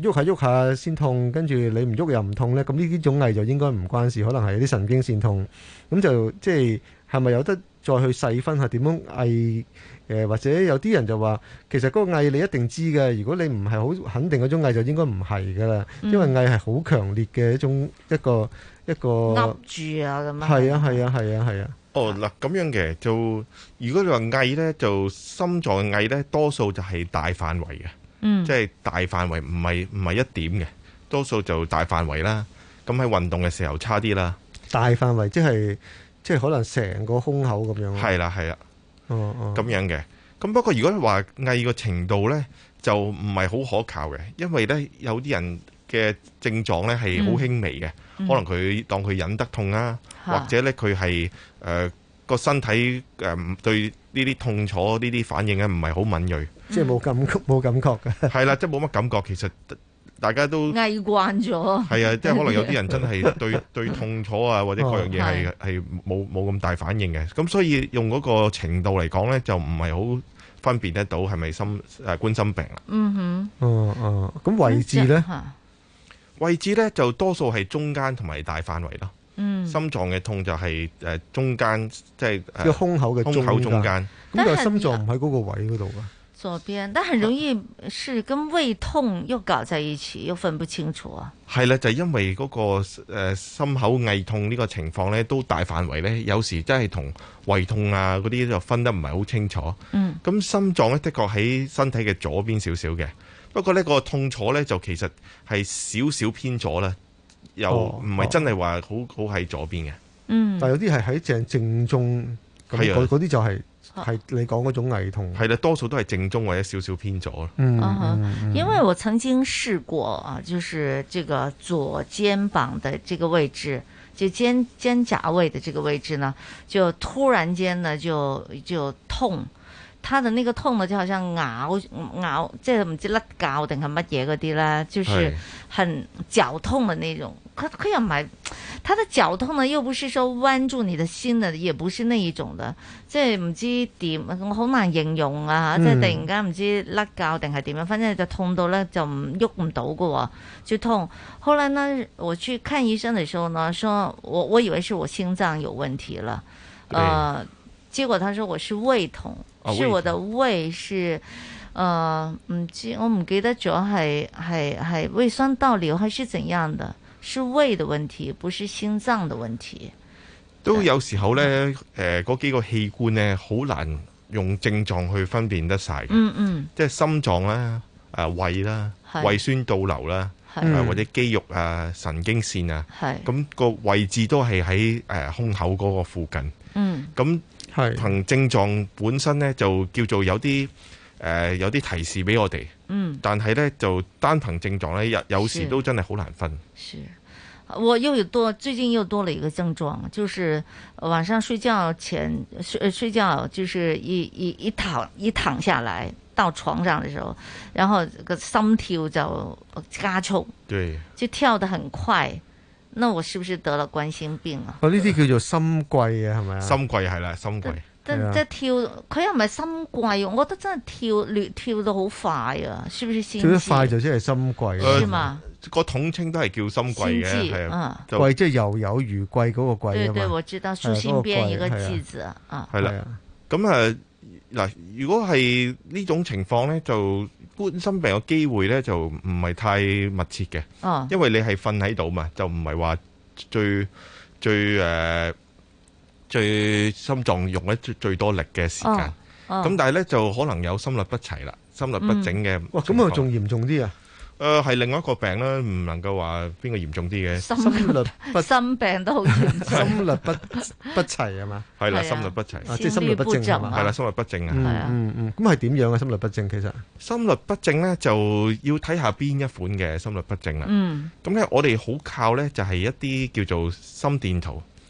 喐下喐下先痛，跟住你唔喐又唔痛咧，咁呢啲種翳就應該唔關事，可能係有啲神經線痛，咁就即係。係咪有得再去細分下點樣翳？誒或者有啲人就話，其實嗰個翳你一定知嘅。如果你唔係好肯定嗰種翳，就應該唔係噶啦。因為翳係好強烈嘅一種一個一個。笠住啊，咁樣啊。係啊係啊係啊係啊。哦嗱，咁樣嘅就如果你話翳咧，就心臟嘅翳咧，多數就係大範圍嘅，嗯即係大範圍，唔係唔係一點嘅，多數就大範圍啦。咁喺運動嘅時候差啲啦。大範圍即係。即係可能成個胸口咁樣。係啦係啦，咁樣嘅。咁不過如果話嗌個程度咧，就唔係好可靠嘅，因為咧有啲人嘅症狀咧係好輕微嘅，可能佢當佢忍得痛啊，或者咧佢係誒個身體誒對呢啲痛楚呢啲反應咧唔係好敏銳，即係冇感覺冇感覺嘅。係啦，即係冇乜感覺，其實。大家都嗌慣咗，係啊，即係可能有啲人真係對對痛楚啊， 或者各樣嘢係係冇冇咁大反應嘅，咁所以用嗰個程度嚟講咧，就唔係好分辨得到係咪心誒冠心病啦。嗯哼，哦、啊、哦，咁、啊、位置咧、嗯？位置咧就多數係中間同埋大範圍咯。心臟嘅痛就係誒中間，即係個胸口嘅胸口中間。咁但係心臟唔喺嗰個位嗰度噶。左邊，但很容易是跟胃痛又搞在一起，又分不清楚。啊。係啦，就係、因為嗰、那個誒、呃、心口胃痛呢個情況呢，都大範圍呢，有時真係同胃痛啊嗰啲就分得唔係好清楚。嗯，咁心臟呢，的確喺身體嘅左邊少少嘅，不過呢、呢個痛楚呢，就其實係少少偏左啦，又唔係真係話好好喺左邊嘅。嗯，但有啲係喺正正中，咁嗰嗰啲就係、是。係你講嗰種胃痛，係啦，多數都係正中或者少少偏左咯。嗯，嗯，嗯，嗯、啊，因為我曾經試過啊，就是這個左肩膀的這個位置，就肩肩胛位的這個位置呢，就突然間呢就就痛，他的那個痛呢就好像咬咬，咬，即係唔知甩膠定係乜嘢嗰啲啦，就是很絞痛的那種。佢佢又唔係，他的腳痛呢？又不是說彎住你的心呢？也不是那一種的，即係唔知點，我好難形容啊！即係突然間唔知甩覺定係點樣，反正就痛到咧就唔喐唔到噶，就痛。後來呢，我去看醫生的嚟候呢，說我我以為是我心臟有問題了，呃，結果他說我是胃痛，啊、是我的胃是，胃呃，唔知我唔記得咗係係係胃酸倒流還是怎樣的。是胃的問題，不是心臟的問題。都有時候呢，誒、呃，嗰幾個器官呢，好難用症狀去分辨得晒。嗯嗯，即係心臟啦、誒，胃啦、啊，胃酸倒流啦、啊，或者肌肉啊、神經線啊，係咁、咁個位置都係喺誒胸口嗰個附近。嗯，咁憑症狀本身呢，就叫做有啲誒、呃，有啲提示俾我哋。嗯，但係咧，就單憑症狀咧，有有時都真係好難分。是，是，我又有多最近又多了一個症狀，就是晚上睡覺前睡睡覺，就是一一一躺一躺下來到床上的時候，然後個心跳就加速，對，就跳得很快。那我是不是得了冠心病啊？哦、啊，呢啲叫做心悸啊，係咪啊？心悸係啦，心悸。即即跳，佢、啊、又唔係心悸，我覺得真係跳跳到好快啊！是不是先？跳得快就真係心悸啊嘛！是嗎？那個統稱都係叫心悸嘅，係啊，悸即係又有餘悸嗰、那個悸啊嘛！對，對我知道，豎心邊一個悸字啊。係、啊、啦，咁啊嗱、啊啊啊啊啊，如果係呢種情況咧，就冠心病嘅機會咧，就唔係太密切嘅、啊。因為你係瞓喺度嘛，就唔係話最最誒。呃最心臟用得最最多力嘅時間，咁、哦哦、但係咧就可能有心律不齊啦、心律不整嘅。哇、嗯，咁啊仲嚴重啲啊？誒、呃、係另外一個病啦，唔能夠話邊個嚴重啲嘅。心律不心病都好嚴重。心律不 不齊啊嘛，係啦，心律不齊、啊、即係心律不整啊，係啦，心律不整啊，係、嗯、啊，嗯嗯。咁係點樣嘅心律不整？其實，心律不整咧，就要睇下邊一款嘅心律不整啦。嗯，咁咧我哋好靠咧就係、是、一啲叫做心電圖。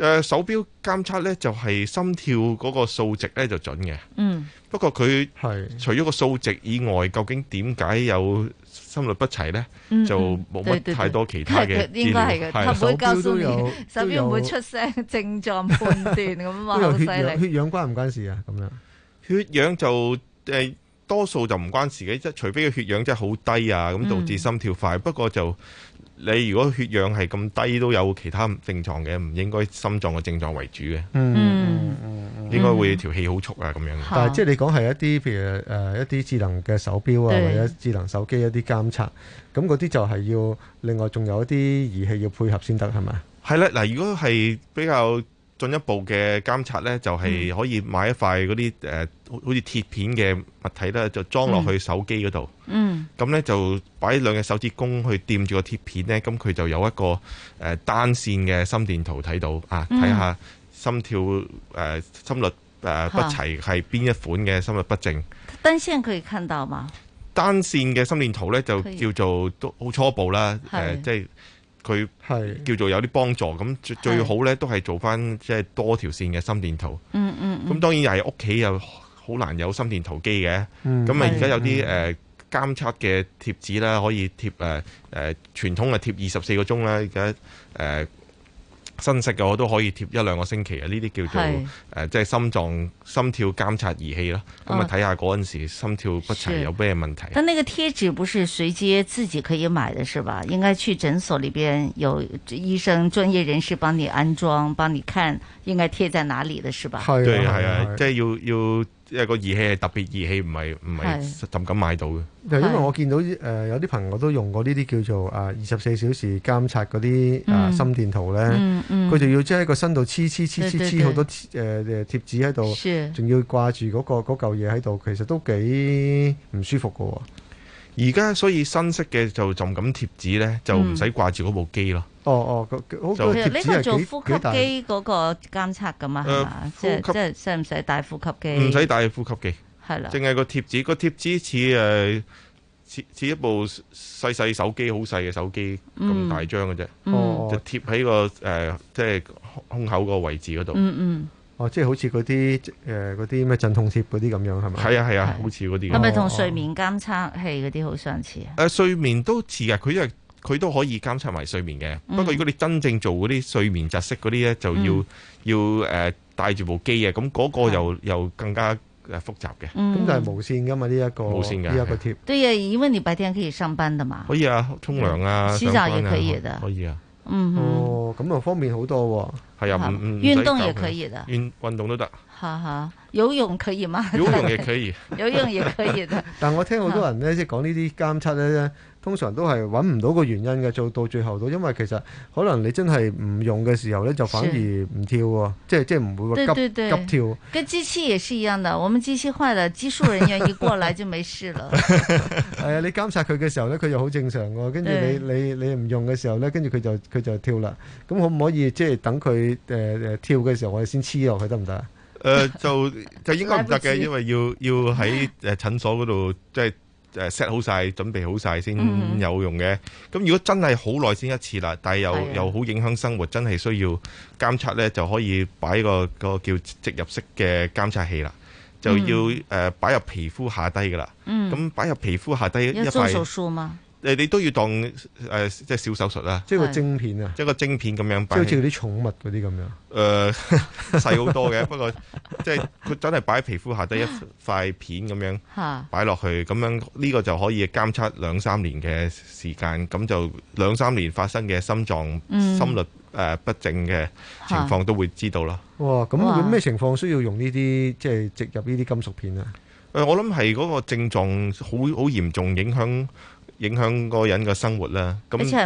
誒手錶監測咧，就係心跳嗰個數值咧就準嘅。嗯，不過佢係除咗個數值以外，究竟點解有心率不齊咧？就冇乜太多其他嘅。應該係嘅。手錶都有，手錶唔會出聲症狀判斷咁犀利。都有血氧，血氧關唔關事啊？咁樣血氧就誒多數就唔關事嘅，即係除非個血氧真係好低啊，咁導致心跳快。不過就。你如果血氧係咁低，都有其他症狀嘅，唔應該心臟嘅症狀為主嘅。嗯嗯嗯，應該會條氣好促啊咁樣嘅。但係即係你講係一啲譬如誒一啲智能嘅手錶啊或者智能手機一啲監察，咁嗰啲就係要另外仲有一啲儀器要配合先得係咪？係啦，嗱，如果係比較。進一步嘅監察呢，就係可以買一塊嗰啲誒，好似鐵片嘅物體呢，就裝落去手機嗰度。嗯。咁、嗯、咧就擺兩隻手指公去掂住個鐵片呢，咁佢就有一個誒、呃、單線嘅心電圖睇到啊，睇下心跳誒、呃、心率誒、呃嗯、心率不齊係邊一款嘅心率不正、嗯嗯。單線可以看到嗎？單線嘅心電圖呢，就叫做可以都好初步啦、呃。即係。佢係叫做有啲幫助，咁最最好咧都係做返即係多條線嘅心電圖。嗯嗯。咁、嗯嗯、當然又係屋企又好難有心電圖機嘅。嗯。咁啊而家有啲誒、嗯、監測嘅貼紙啦，可以貼誒誒傳統嘅貼二十四個鐘啦，而家誒。呃新式嘅我都可以貼一兩個星期啊！呢啲叫做誒、呃，即係心臟心跳監察儀器咯，咁啊睇下嗰陣時心跳不齊有咩問題。但那個貼紙不是隨街自己可以買的，是吧？應該去診所裏邊有醫生專業人士幫你安裝，幫你看應該貼在哪裡的，是吧？係啊係啊，即係要要。要因為個儀器係特別儀器，唔係唔係就咁買到嘅。因為我見到誒、呃、有啲朋友都用過呢啲叫做啊二十四小時監察嗰啲啊心電圖咧，佢、嗯嗯、就要將喺個身度黐黐黐黐黐好多誒誒、呃、貼紙喺度，仲的要掛住嗰、那個嚿嘢喺度，其實都幾唔舒服嘅喎、哦。而家所以新式嘅就就咁貼紙咧，就唔使掛住嗰部機咯。哦、嗯、就哦，哦哦就呢個做呼吸機嗰個監測㗎嘛？係嘛？即係即係使唔使戴呼吸機？唔使戴呼吸機，係啦。淨係的個貼紙，個貼紙似誒似似一部細細手機，好細嘅手機咁、嗯、大張嘅啫。哦、嗯，就貼喺個誒、呃、即係胸口個位置嗰度、嗯。嗯嗯。哦，即係好似嗰啲誒嗰啲咩鎮痛貼嗰啲咁樣係咪？係啊係啊，啊，好似嗰啲。係咪同睡眠監測器嗰啲好相似、哦、啊？誒、呃，睡眠都似嘅，佢因為佢都可以監測埋睡眠嘅。不、嗯、過如果你真正做嗰啲睡眠窒息嗰啲咧，就要、嗯、要誒、呃、帶住部機啊。咁嗰個又、嗯、又，又更加誒複雜嘅。咁、嗯嗯、就係無線㗎嘛？呢、這個、一個無線嘅呢一個貼。對啊，因為你白天可以上班㗎嘛。可以啊，沖涼啊、嗯、啊。洗澡也可以的。可以啊。嗯、哼哦，咁啊方便好多喎，係啊，唔唔使運動也可以的，運、嗯、運動都得。吓吓，游泳可以嗎？游泳也可以，游泳也可以的。但我聽好多人咧，即係講呢啲監測咧。通常都係揾唔到個原因嘅，做到最後都因為其實可能你真係唔用嘅時候咧，就反而唔跳，即係即係唔會急對對對，急跳。跟機器也是一樣的，我們機器壞了，技術人員一過來就沒事了。 哎、你監察佢嘅時候咧，佢又好正常嘅，跟住你你你唔用嘅時候咧，跟住佢就佢就跳啦。咁可唔可以即係等佢誒跳嘅時候，我哋先黐落去得唔得啊？就、呃呃呃呃呃呃、 就應該唔得嘅，因為要要喺誒診所嗰度即係。就是呃、設 set 好晒，準備好晒先有用嘅。咁、嗯、如果真係好耐先一次啦，但係又又好影響生活，真係需要監測呢，就可以擺個，個叫植入式嘅監測器啦。就要擺、嗯呃、入皮膚下低噶啦。咁、嗯、擺入皮膚下低一塊。做手術嗎？你你都要當誒，即係小手術啦，即係個晶片啊，即係個晶片咁樣擺，呃、 即好似啲寵物嗰啲咁樣。誒，細好多嘅，不過即係佢真係擺喺皮膚下低一塊片咁樣，擺落去咁樣呢個就可以監測兩三年嘅時間，咁就兩三年發生嘅心臟心率誒不正嘅情況都會知道囉、嗯嗯。哇，咁咩情況需要用呢啲即係植入這些屬呢啲金屬片啊？誒、呃，我諗係嗰個症狀好好嚴重影響。影響個人嘅生活啦，咁而且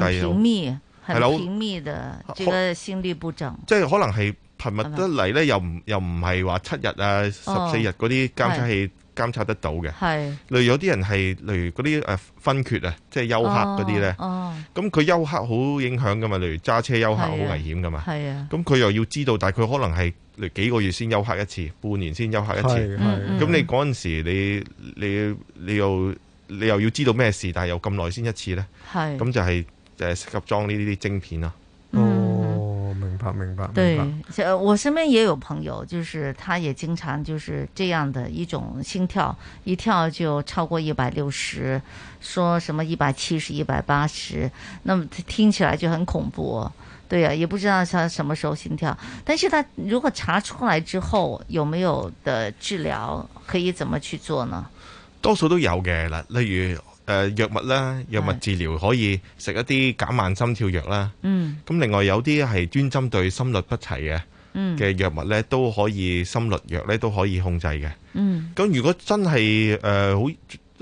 很隱秘，的，心律不整，即係可能係頻密得嚟咧，又唔又唔係話七日啊、哦、十四日嗰啲監測器監測得到嘅。係，例如有啲人係例如嗰啲誒昏厥啊，即係休克嗰啲咧。哦，咁佢休克好影響噶嘛？例如揸車休克好危險噶嘛？係啊，咁佢、啊、又要知道，但係佢可能係嚟幾個月先休克一次，半年先休克一次。係係，咁、嗯嗯、你嗰陣時你你你，你要。你又要知道咩事，但係又咁耐先一次呢？咁就係誒適合裝呢啲晶片啦、啊。哦，明白明白明白。對，我身邊也有朋友，就是他也經常就是這樣的一種心跳，一跳就超過一百六十，說什麼一百七十、一百八十，那麼聽起來就很恐怖。對呀、啊，也不知道他什麼時候心跳，但是他如果查出來之後，有沒有的治療，可以怎麼去做呢？多數都有嘅啦，例如誒藥物咧，藥物治療可以食一啲減慢心跳藥啦。嗯。咁另外有啲係專針對心律不齊嘅，嗯嘅藥物咧，都可以心律藥咧都可以控制嘅。嗯。咁如果真係誒好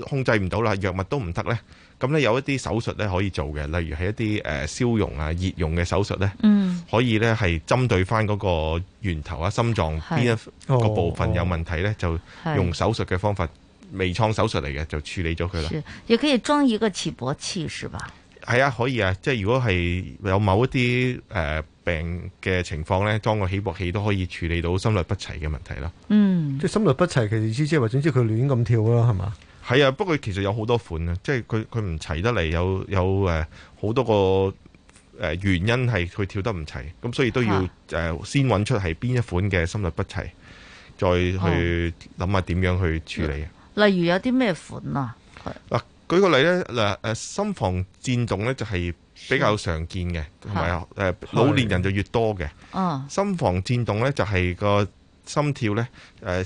控制唔到啦，藥物都唔得咧，咁咧有一啲手術咧可以做嘅，例如係一啲誒消融啊、熱融嘅手術咧。嗯。可以咧係針對返嗰個源頭啊，心臟邊一個部分有問題咧，就用手術嘅方法。微創手術嚟嘅就處理咗佢啦。亦可以裝一個起搏器，是吧？係啊，可以啊。即係如果係有某一啲誒、呃、病嘅情況咧，裝個起搏器都可以處理到心律不齊嘅問題啦。嗯。嗯，即係心律不齊，其實意思即係話總之佢亂咁跳啦，係嘛？係啊，不過其實有好多款啊，即係佢佢唔齊得嚟，有有誒好多個誒原因係佢跳得唔齊，咁所以都要誒、啊呃、先揾出係邊一款嘅心律不齊，再去諗下點樣去處理。嗯。例如有啲咩款啊？嗱，舉個例咧，嗱，誒，心房顫動咧就係比較常見嘅，同埋誒老年人就越多嘅。嗯，心房顫動咧就係個心跳咧，誒，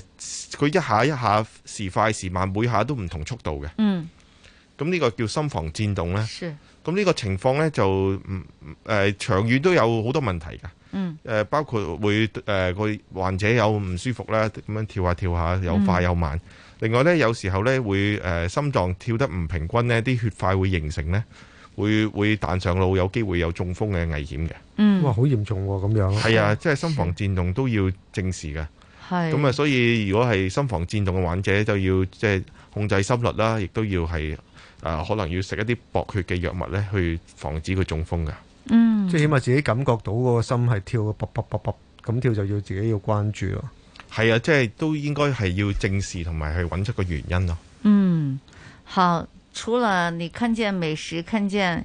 佢一下一下時快時慢，每下都唔同速度嘅。嗯，咁呢個叫心房顫動咧。是。咁呢個情況咧就唔誒長遠都有好多問題噶。嗯。誒，包括會誒個、呃、患者有唔舒服啦，咁樣跳下跳下又快又慢。嗯另外咧，有時候咧會心臟跳得唔平均咧，啲血塊會形成咧，會會彈上腦，有機會有中風嘅危險嘅。嗯，哇，好嚴重喎，啊，咁樣。係啊，即係心房顫動都要正視嘅。係。咁啊，所以如果係心房顫動嘅患者，就要即係控制心率啦，亦都要係、呃、可能要食一啲薄血嘅藥物咧，去防止佢中風嘅。嗯。即係起碼自己感覺到個心係跳噗噗噗噗咁跳，就要自己要關注咯。係啊，即係都應該係要正視同埋去揾出個原因咯。嗯，好，除了你看見美食，看見，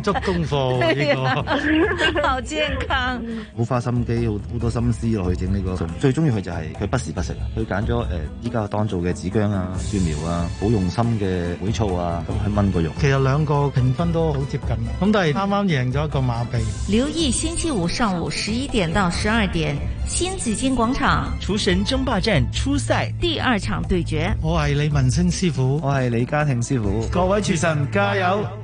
做足功課呢個，好健康，好 花心機，好好多心思落去整呢個。最中意佢就係、是、佢不時不食，佢揀咗誒依家當造嘅子薑啊、蒜苗啊，好用心嘅梅醋啊，啊去炆個肉。其實兩個評分都好接近，咁但係啱啱贏咗一個馬鼻。留意星期五上午十一點到十二點，新紫荊廣場廚神爭霸戰初賽第二場對決。我係李文星師傅，我係李家慶師傅，各位廚神，神加油！加油！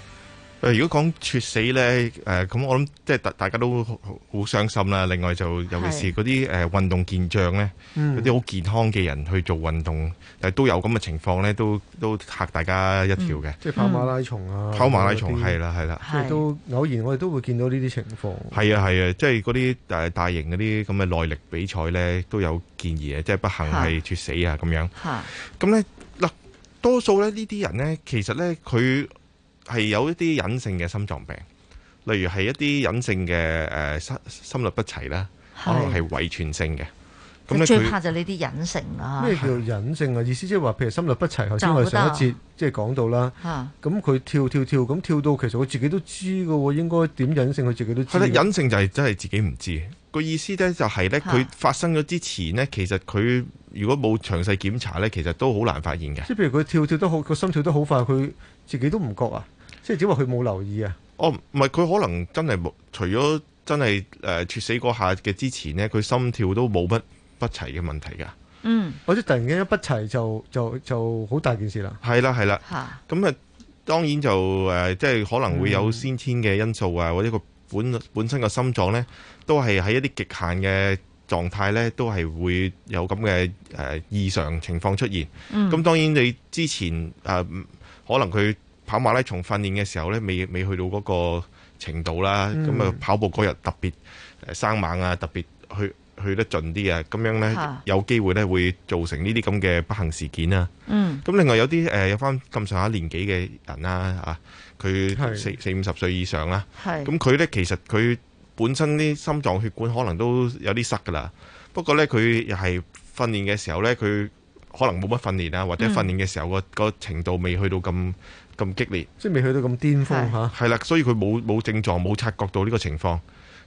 如果講猝死咧，誒、呃，咁我諗即係大大家都好傷心啦。另外就尤其是嗰啲誒運動健將咧，嗰啲好健康嘅人去做運動，嗯、但都有咁嘅情況咧，都都嚇大家一跳嘅。即係跑馬拉松啊，跑馬拉松係啦係啦，即係、就是、都偶然我哋都會見到呢啲情況。係啊係啊，即係嗰啲大型嗰啲咁嘅耐力比賽咧，都有建議即係、就是、不幸係猝死啊咁樣。咁咧嗱，多數咧呢啲人咧，其實咧佢。係有一啲隱性嘅心臟病，例如係一啲隱性嘅誒心心律不齊啦，可能係遺傳性嘅。咁你最怕就呢啲隱性啊！咩叫隱性啊？是意思即係話，譬如心律不齊，頭先我哋上一節即係講到啦。咁佢跳跳跳咁跳到，其實佢自己都知嘅喎。應該點隱性，佢自己都知。係啦，隱性就係真係自己唔知。個意思咧就係咧，佢發生咗之前咧，其實佢如果冇詳細檢查咧，其實都好難發現嘅。即係譬如佢跳跳得好，個心跳得好快，佢。自己都唔覺啊，即係只係佢冇留意啊。哦，唔係佢可能真係冇，除咗真係誒猝死嗰下嘅之前呢，佢心跳都冇不不齊嘅問題㗎。嗯，或者突然間一不齊就就就好大件事啦。係啦，係啦。嚇、啊！咁啊，當然就誒、呃，即係可能會有先天嘅因素啊，或者個本本身嘅心臟呢，都係喺一啲極限嘅狀態呢，都係會有咁嘅誒異常情況出現。嗯。咁當然你之前誒。呃可能佢跑馬拉松訓練嘅時候咧，未未去到嗰個程度啦，咁、嗯、啊跑步嗰日特別生猛啊，特別去去得盡啲啊，咁樣咧有機會咧會造成呢啲咁嘅不幸事件啊。嗯，咁另外有啲誒有翻咁上下年紀嘅人啦嚇，佢四四五十歲以上啦，咁佢咧其實佢本身啲心臟血管可能都有啲塞噶啦，不過咧佢又係訓練嘅時候咧佢。他可能冇乜訓練啊，或者訓練嘅時候個個程度未去到咁咁激烈，即係未去到咁巔峯吓。係啦，所以佢冇冇症狀，冇察覺到呢個情況。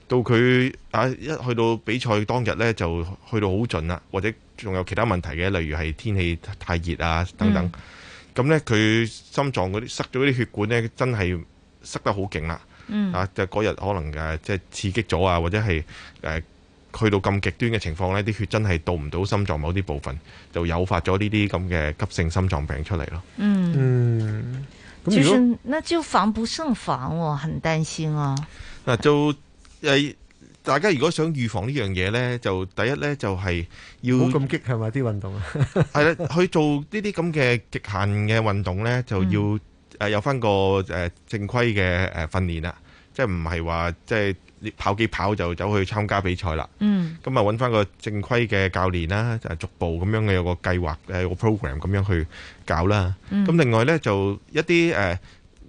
到佢啊一去到比賽當日呢，就去到好盡啦，或者仲有其他問題嘅，例如係天氣太熱啊等等。咁呢，佢心臟嗰啲塞咗啲血管呢，真係塞得好勁啦。嗯啊，就嗰日可能嘅即係刺激咗啊，或者係誒。去到咁極端嘅情況呢，啲血真係到唔到心臟某啲部分，就誘發咗呢啲咁嘅急性心臟病出嚟咯。嗯，就、嗯、是、嗯、那就防不勝防喎，很擔心啊。嗱，做誒大家如果想預防呢樣嘢呢，就第一呢，就係、是、要冇咁激係咪，啲運動啊。係 啦，去做呢啲咁嘅極限嘅運動呢，就要誒有返個誒、呃、正規嘅誒訓練啦，即係唔係話即係。跑幾跑就走去參加比賽啦。嗯。咁啊揾翻個正規嘅教練啦，就逐步咁樣嘅有個計劃，誒有個 program 咁樣去搞啦。咁另外咧就一啲誒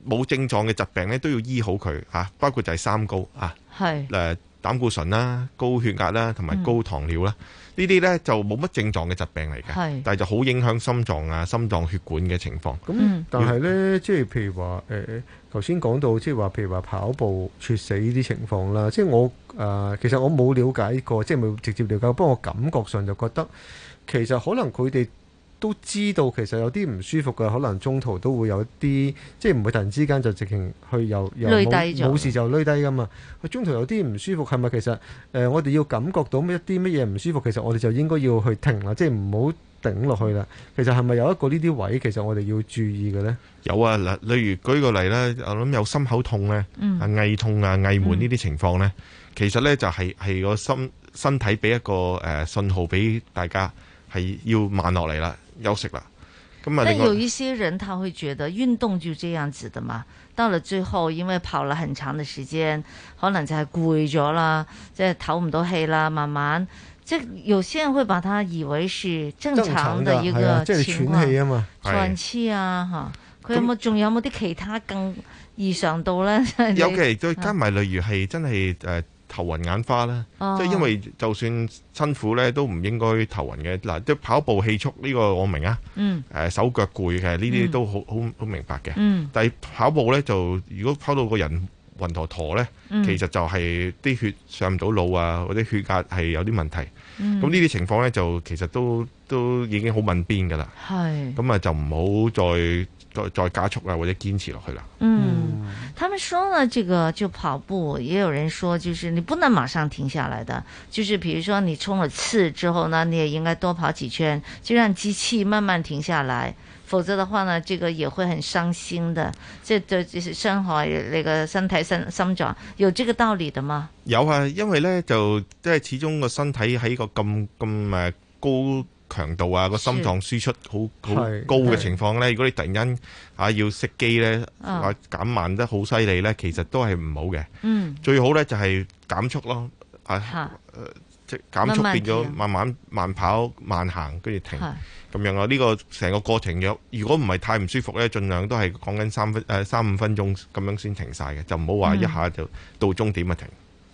冇症狀嘅疾病咧都要醫好佢吓，包括就係三高啊，係誒膽固醇啦、高血壓啦同埋高糖尿啦。呢啲呢就冇乜症狀嘅疾病嚟嘅，但係就好影響心臟啊、心臟血管嘅情況。咁、嗯嗯、但係呢，即係譬如話誒，頭先講到即係話譬如話跑步猝死呢啲情況啦，即係我誒、呃、其實我冇了解過，即係冇直接了解，不過我感覺上就覺得其實可能佢哋都知道其實有啲唔舒服嘅，可能中途都會有啲，即係唔會突然之間就直情去又冇冇事就匿低㗎嘛？佢中途有啲唔舒服，係咪其實、呃、我哋要感覺到一啲乜嘢唔舒服？其實我哋就應該要去停啦，即係唔好頂落去啦。其實係咪有一個呢啲位，其實我哋要注意嘅呢？有啊，嗱，例如舉個例咧，我諗有心口痛咧，啊、嗯、胃痛啊胃悶呢啲情況咧、嗯，其實咧就係、係、係個心身體俾一個誒信號俾大家係要慢落嚟啦。休息啦，咁啊！但係有一些人，他會覺得運動就這樣子的嘛。到了最後，因為跑了很長的時間，可能就係攰咗啦，即係唞唔到氣啦，慢慢即係有些人會把他以為是正常的一個的是、啊、即係喘氣啊嘛，喘氣啊嚇。佢、啊啊、有冇仲有冇啲其他更異常到咧尤其再 加埋例如係真係誒。呃頭暈眼花咧，即係因為就算辛苦咧，都唔應該頭暈嘅。嗱，即係跑步氣促呢個我明啊，誒手腳攰嘅呢啲都好好好明白嘅。但係跑步咧就如果跑到個人暈陀陀咧，其實就係啲血上唔到腦啊，或者血壓係有啲問題。咁呢啲情況咧就其實都都已經好問邊㗎啦。係。咁啊就唔好再。再再加速啦，或者堅持落去啦，嗯。嗯，他們說呢，這個就跑步，也有人說就是你不能馬上停下來的，就是比如說你衝了刺之後呢，你也應該多跑幾圈，就讓機器慢慢停下來，否則的話呢，這個也會很傷心的，即係就生活你個身體三心臟，有這個道理的嗎？有啊，因為呢就即係始終個身體喺個咁咁誒高。強度啊，個心臟輸出好高嘅情況咧，如果你突然間啊要熄機咧，啊減慢得好犀利咧，其實都係唔好嘅。嗯，最好咧就係減速咯，啊，即係減速變咗慢慢慢跑慢行，跟住停咁樣啊。呢個成個過程若如果唔係太唔舒服咧，儘量都係講緊三分誒三五分鐘咁樣先停曬嘅，就唔好話一下就到終點乜停。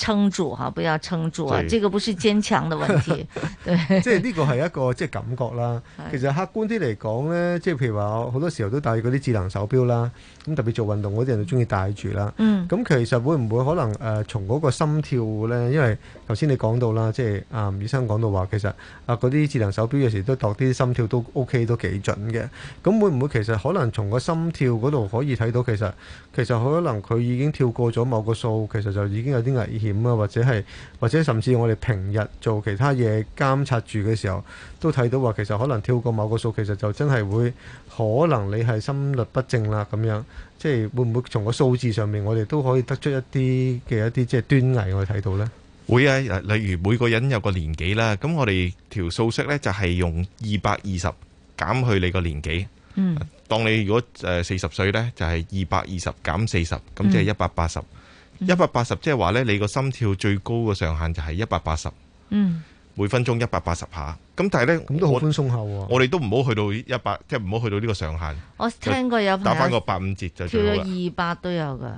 撐住哈，不要撐住啊！這個不是堅強的問題， 對。 即係呢個係一個即係感覺啦。其實客觀啲嚟講咧，即係譬如話，好多時候都帶嗰啲智能手表啦。咁特別做運動嗰啲人都中意戴住啦。嗯。咁其實會唔會可能誒，從嗰個心跳咧？因為頭先你講到啦，即係啊，吳、嗯、醫生講到話，其實啊，嗰啲智能手表有時都度啲心跳都 OK，都幾準嘅。咁會唔會其實可能從個心跳嗰度可以睇到，其實其實可能佢已經跳過咗某個數，其實就已經有啲危險。點啊？或者係，或者甚至我哋平日做其他嘢監察住嘅時候，都睇到話，其實可能跳過某個數，其實就真係會可能你係心律不正啦咁樣。即係會唔會從個數字上面，我哋都可以得出一啲嘅一啲即係端倪，我哋睇到咧。會啊，例如每個人有個年紀啦，咁我哋條數式咧就係用二百二十減去你個年紀。嗯，當你如果誒四十歲咧，就係二百二十減四十，咁即係一百八十。一百八十，即係話咧，你個心跳最高嘅上限就係一百八十，每分鐘一百八十下。咁但係咧，咁都好寬鬆下。我我哋都唔好去到一百，即係唔好去到呢個上限。我聽過有打翻個八五折就最好啦。跳到二百都有噶。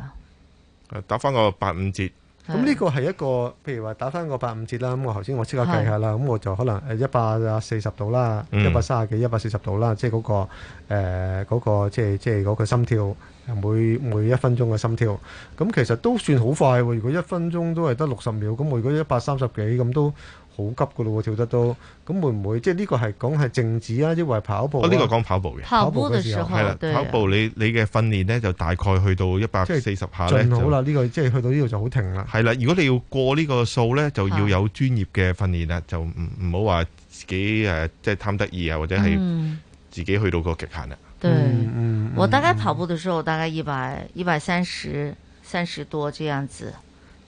誒，打翻個八五折。咁呢個係一個，譬如話打翻個八五折啦。咁我頭先我即刻計下啦。咁我就可能誒一百啊四十度啦，一百卅幾，一百四十度啦。即係嗰個誒、呃嗰個即係即係嗰個心跳。每每一分鐘嘅心跳，咁其實都算好快喎。如果一分鐘都係得六十秒，咁如果一百三十幾咁都好急噶咯，跳得都。咁會唔會即係呢個係講係靜止啊？抑或係跑步。哦，呢個講跑步嘅。跑步嘅時候。係啦，跑步你你嘅訓練咧就大概去到一百四十下咧。最好啦，呢個即係去到呢度就好停啦。係啦，如果你要過呢個數咧，就要有專業嘅訓練啦，就唔唔好話自己誒即係貪得意啊，或者係自己去到個極限啦。對，我大概跑步的時候大概一百一百三十三十多這樣子，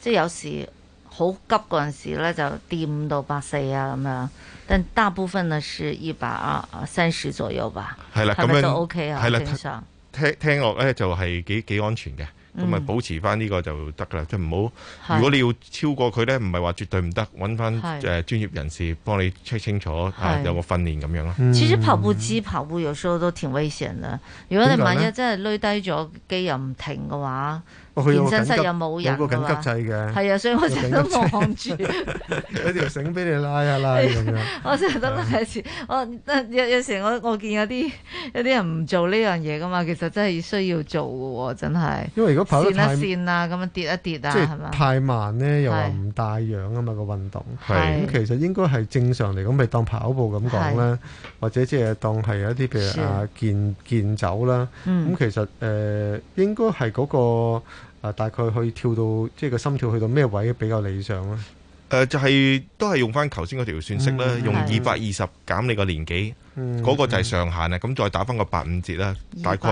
即係有時好急嗰陣時咧就掂到百四啊咁樣，但大部分呢是一百二三十左右吧，咁樣都 OK 啊，係啦。聽聽落咧就係幾幾安全嘅。咁咪、嗯、保持翻呢個就得噶啦，即係唔好。如果你要超過佢咧，唔係話絕對唔得，搵翻誒專業人士幫你 check 清楚，有個訓練咁樣咯。嗯、其實跑步機跑步有時候都挺危險啦，如果你萬一真係累低咗機又唔停嘅話。嗯嗯健身室又冇人，有個緊急掣係嘛？係啊，所以我成日都望住一條繩俾你拉一拉咁樣。我成日都拉一次我有有時我我見有啲有啲人唔做呢樣嘢噶嘛，其實真係需要做嘅喎，真係。因為如果跑得太慢啊，咁啊跌一跌啊，即係係嘛？太慢咧，又話唔帶氧啊嘛。個運動咁其實應該係正常嚟講，咪當跑步咁講啦，或者即係當係有一啲譬如啊健健走啦。咁其實誒應該係嗰個。大概可以跳到即係，就是，個心跳去到咩位比較理想呢？誒，呃，就係，是，都係用翻頭先嗰條算式啦，嗯、2> 用二百二十減你個年紀，嗰、嗯、個就係上限啊。咁、嗯、再打翻個八五折啦，嗯、大概。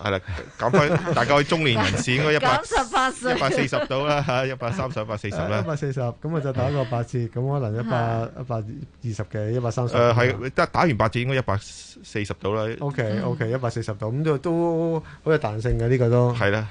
係啦，減翻大概中年人士 應該一百一百四十度啦嚇，一百三十、一百四十啦。一百四十，咁我就打一個八折，咁可能一百一百二十幾、一百三十。誒係、uh,，得打完八折應該一百四十度啦。OK OK，一百四十度，咁、嗯、就、嗯、都，都好有彈性嘅呢、這個都。係啦。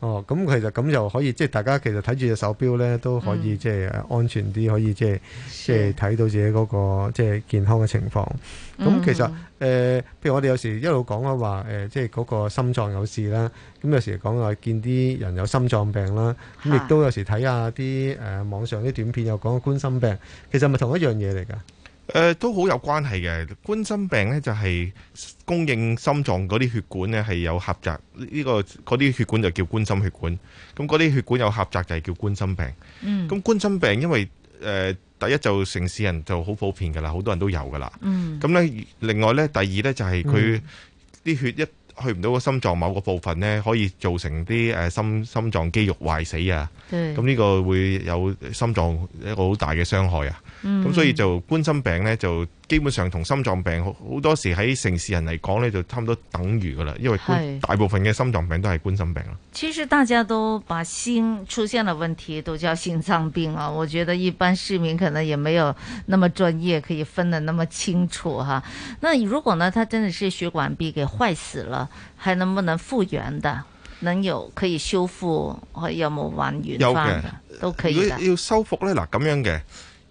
哦，咁其實咁就可以，即係大家其實睇住隻手表咧，都可以、嗯、即係安全啲，可以即係即係睇到自己嗰、嗰個即係健康嘅情況。咁、嗯、其實誒、呃，譬如我哋有時一路講啊話，誒、呃，即係嗰個心臟有事啦，咁有時講話見啲人有心臟病啦，咁亦都有時睇下啲誒網上啲短片又講冠心病，其實咪同一樣嘢嚟㗎。誒,都好有關係嘅。冠心病咧就係供應心臟嗰啲血管咧係有狹窄,呢個嗰啲血管就叫冠心血管。咁嗰啲血管有狹窄就係叫冠心病。嗯。咁冠心病因為誒,第一就城市人就好普遍噶啦,好多人都有噶啦。嗯。咁咧,另外咧,第二咧就係佢啲血一去唔到個心臟某個部分咧,可以造成啲誒心心臟肌肉壞死啊。嗯。咁呢個會有心臟一個好大嘅傷害啊!咁、嗯、所以就冠心病呢，就基本上同心臟病好好多時喺城市人嚟講呢，就差唔多等於噶啦，因為大部分嘅心臟病都係冠心病。其實大家都把心出現了問題都叫心臟病啊，我覺得一般市民可能也沒有那麼專業，可以分得那麼清楚哈、啊。那如果呢，他真的是血管壁給壞死了，還能不能復原的？能有可以修復？有冇還原翻？有嘅，都可以。如果要修復呢，嗱咁樣嘅。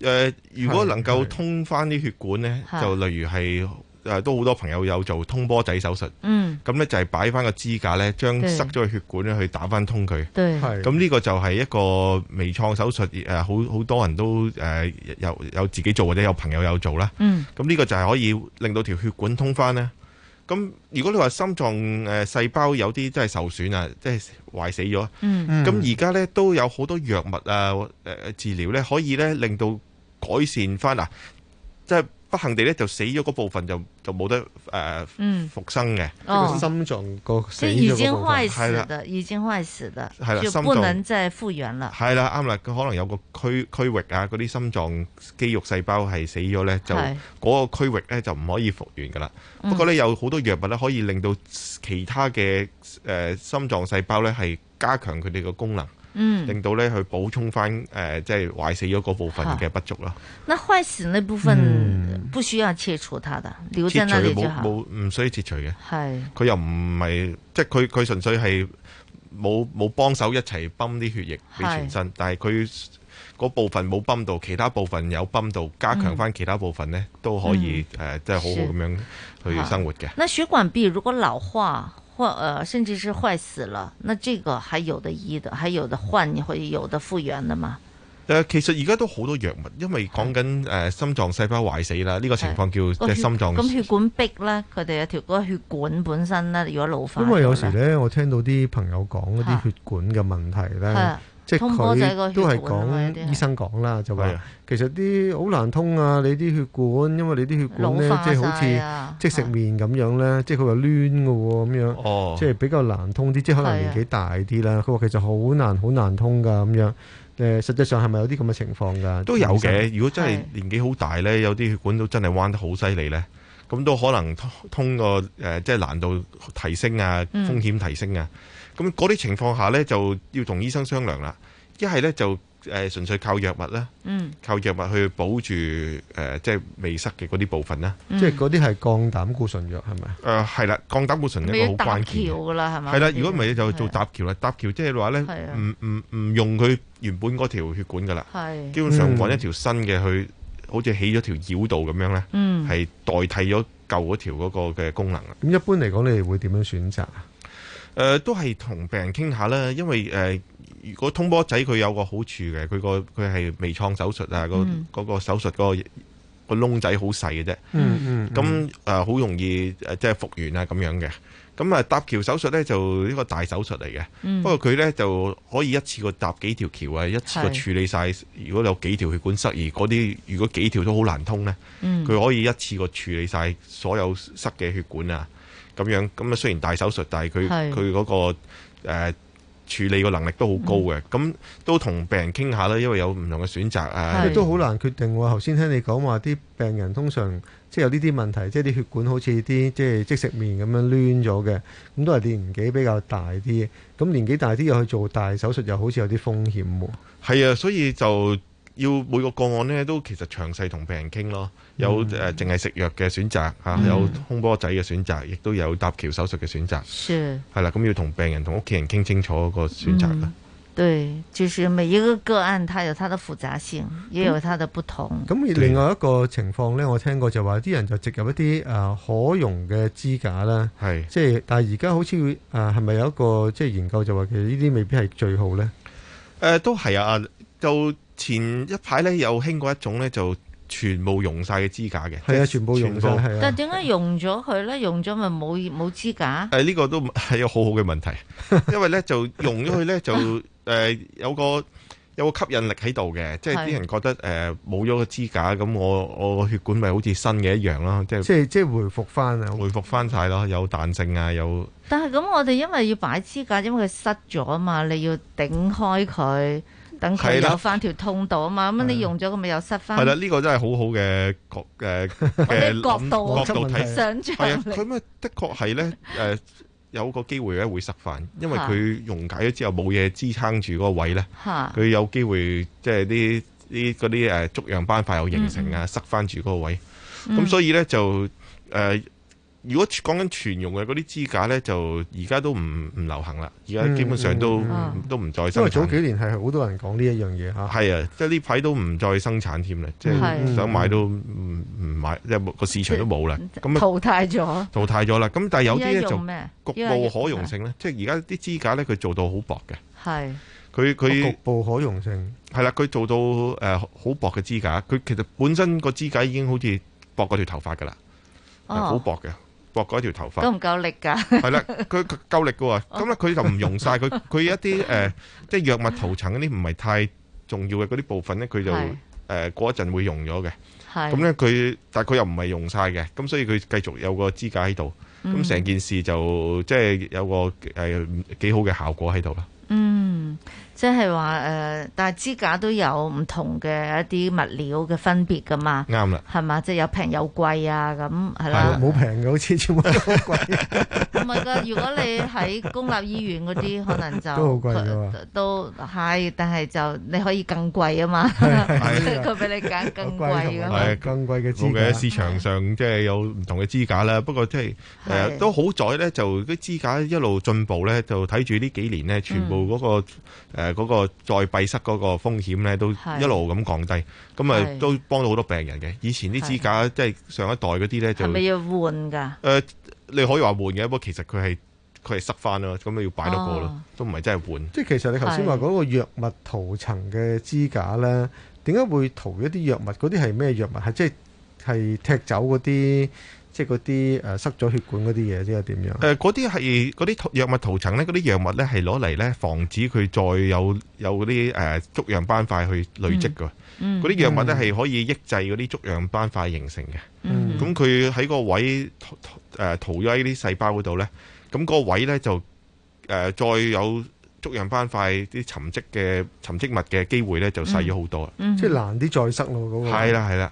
呃、如果能夠通翻啲血管呢，是是就例如係、呃、都好多朋友有做通波仔手術，咁、嗯、呢就係擺翻個支架呢，將塞咗嘅血管呢去打翻通佢。咁呢個就係一個微創手術，呃、好好多人都有、呃、有、有自己做或者有朋友有做啦。咁、嗯、呢個就係可以令到條血管通翻呢。咁如果你話心臟、呃、細胞有啲即係受損啊，即、就、係、是、壞死咗，咁而家呢都有好多藥物啊、呃、治療呢可以呢令到改善翻啦，即係不幸地咧，就死咗嗰部分就就冇得誒復生嘅。嗯哦、心臟個死、嗯哦就是、已經壞死的，了已經壞死的，係啦，心不能再復原了。係啦，啱啦。佢可能有個區區域啊，嗰啲心臟肌肉細胞係死咗咧，就嗰、嗰個區域咧就唔可以復原噶啦。不過咧有好多藥物咧可以令到其他嘅誒、呃、心臟細胞咧係加強佢哋個功能。嗯，令到咧去補充翻誒、呃，即係壞死咗嗰部分嘅不足啦。那壞死的那部分不需要切除它的，嗯、留在那裡就行。切除冇冇唔需要切除嘅。係，佢又唔係即係佢佢純粹係冇冇幫手一齊泵啲血液俾全身，但係佢嗰部分冇泵到，其他部分有泵到，加強翻其他部分咧、嗯、都可以誒、嗯呃，即係好好咁樣去生活嘅。那血管壁如果老化？或誒、呃，甚至是壞死了，那這個還有得醫的，還有得換，你會有得復原的嘛？誒、呃，其實而家都好多藥物，因為講緊誒心臟細胞壞死啦，呢、這個情況叫即係的血心臟。咁血管壁咧，佢哋有條個血管本身咧，如果老化。因為有時咧，我聽到啲朋友講嗰啲血管嘅問題咧。即係佢都係講醫生講啦，就話、啊、其實啲好難通啊！你啲血管，因為你啲血管咧，即係好似、啊、即食麪咁樣咧、啊，即係佢話攣嘅喎，咁樣、哦、即係比較難通啲，即係可能年紀大啲啦。佢話、啊、其實好難、好難通㗎咁樣。誒，實際上係咪有啲咁嘅情況㗎？都有嘅。如果真係年紀好大咧，有啲血管都真係彎得好犀利咧，咁都可能通過、呃、即係難度提升啊，風險提升啊。嗯。咁嗰啲情況下咧，就要同醫生商量啦。一係咧就誒純粹靠藥物啦、嗯，靠藥物去保住誒、呃、即係未塞嘅嗰啲部分啦。即係嗰啲係降膽固醇藥係咪？誒係啦，降膽固醇呢個好關鍵。搭橋㗎啦，係嘛？係啦，如果唔係就做搭橋啦。搭橋即係話咧，唔唔唔用佢原本嗰條血管㗎啦。係。基本上揾一條新嘅去，好似起咗條繞道咁樣咧。嗯。係代替咗舊嗰條嗰個嘅功能啊。咁一般嚟講，你哋會點樣選擇啊？誒、呃、都係同病人傾下啦，因為誒如果通波仔佢有個好處嘅，佢個佢係微創手術啊，個、嗯、嗰、嗰個手術、嗰個個窿仔好細嘅啫。嗯咁嗯。咁誒好容易、呃、即係復原啊咁樣嘅。咁啊搭橋手術呢，就呢個大手術嚟嘅。不過佢呢，就可以一次過搭幾條橋啊，一次過處理晒。如果有幾條血管塞住嗰啲，如果幾條都好難通呢，佢、嗯、可以一次過處理晒所有塞嘅血管啊。咁樣咁啊，雖然大手術，但係佢佢嗰個誒、呃、處理個能力都好高嘅。咁、嗯、都同病人傾下啦，因為有唔同嘅選擇啊，嗯、都好難決定喎。頭先聽你講話，啲病人通常即係有呢啲問題，即係啲血管好似啲即係即食麵咁樣攣咗嘅。咁都係年紀比較大啲，咁年紀大啲又去做大手術，又好似有啲風險喎。係啊，所以就。要每個個案呢，都其實詳細同病人傾咯。有誒，淨係食藥嘅選擇嚇、嗯啊，有通波仔嘅選擇，亦都有搭橋手術嘅選擇。是。係啦，咁要同病人同屋企人傾清楚個選擇啦、嗯。對，就是每一個個案，它有它的複雜性，也有它的不同。咁、嗯、另外一個情況呢，我聽過就話啲人就植入一啲誒可溶嘅支架啦。係。即、就、係、是，但係而家好似誒係咪有一個即係、就是、研究就話其實呢啲未必係最好呢？誒、呃，都係啊。就前一排咧，又興過一種咧，就全部溶晒嘅支架嘅。係啊，全部溶晒。但係點解溶咗佢咧？溶咗咪冇冇支架？誒、呃、呢、這個都係有好好嘅問題， 因為咧就溶咗佢咧就誒、 呃、有個有個吸引力喺度嘅，即係啲人覺得誒冇咗個支架，咁我我個血管咪好似新嘅一樣咯、就是，即係即係即係回復翻啊，回復翻晒咯，有彈性啊，有。但係咁，我哋因為要擺支架，因為佢塞咗啊嘛，你要頂開佢。等佢有翻條通道啊嘛，咁、嗯、你用咗佢咪又塞翻？係啦，呢、呢個真係好好嘅角誒嘅角度角度睇想象嚟。咁啊，的確係咧誒，有個機會咧會塞翻，因為佢溶解咗之後冇嘢 支撐住嗰個位咧，佢 有機會即係啲啲嗰啲誒粥樣斑塊有形成啊，塞翻住嗰個位。咁、嗯嗯、所以咧就誒。呃如果講緊全溶嘅嗰啲支架咧，就而家都唔唔流行啦。而家基本上都、嗯嗯嗯、都唔再生產。因為早幾年係好多人講呢一樣嘢嚇。係啊，即係呢排都唔再生產添咧，即、嗯、係、就是、想買都唔唔買，即係個市場都冇啦。咁淘汰咗，淘汰咗啦。咁但係有啲咧就局部可溶性咧，即係而家啲支架咧，佢做到好薄嘅。係佢佢局部可溶性係啦，佢做到誒好薄嘅支架，佢其實本身個支架已經好似薄過條頭髮㗎啦，好、哦啊、薄嘅。割嗰條頭髮都唔夠力㗎，係啦，佢夠力嘅，咁咧佢就唔溶曬，佢佢一啲誒，即係藥物塗層嗰啲唔係太重要嘅嗰啲部分咧，佢就誒過一陣會溶咗嘅，咁咧佢但係佢又唔係溶曬嘅，咁所以佢繼續有個支架喺度，咁成件事就即係有個誒幾好嘅效果喺度啦。嗯。即係話誒，但係支架都有唔同嘅一啲物料嘅分別噶嘛？啱啦，係嘛？即係有平有貴啊，咁係啦。冇平嘅，好似全部都好貴。唔係噶，如果你喺公立醫院嗰啲，可能就都好貴噶嘛。都係，但係就你可以更貴啊嘛。佢俾你揀更貴噶嘛。係更貴嘅支架。係，更貴嘅。好嘅，市場上即係有唔同嘅支架啦。不過即係誒，都好在咧，就啲支架一路進步咧，就睇住呢幾年咧，全部嗰個誒。誒，嗰個再閉塞嗰個風險咧，都一路咁降低，咁啊都幫到好多病人嘅。以前啲支架即係上一代嗰啲咧，就咪要換噶？誒、呃，你可以話換嘅，不過其實佢係佢係塞翻咯，咁啊要擺到過咯，哦，都唔係真係換。即係其實你頭先話嗰個藥物塗層嘅支架咧，點解會塗一啲藥物？嗰啲係咩藥物？係即係係踢走嗰啲。即係嗰啲誒塞咗血管嗰啲嘢，即係點樣？誒，嗰啲係嗰啲藥物塗層咧，嗰啲藥物咧係攞嚟咧防止佢再有有嗰啲誒粥樣斑塊去累積嘅。嗯，嗰啲藥物咧係可以抑制嗰啲粥樣斑塊形成嘅。嗯，咁佢喺個位誒塗咗喺啲細胞嗰度咧，咁嗰個位咧就誒再有粥樣斑塊啲沉積嘅沉積物嘅機會咧就細咗好多。嗯，即係難啲再塞咯嗰個。係啦，係啦。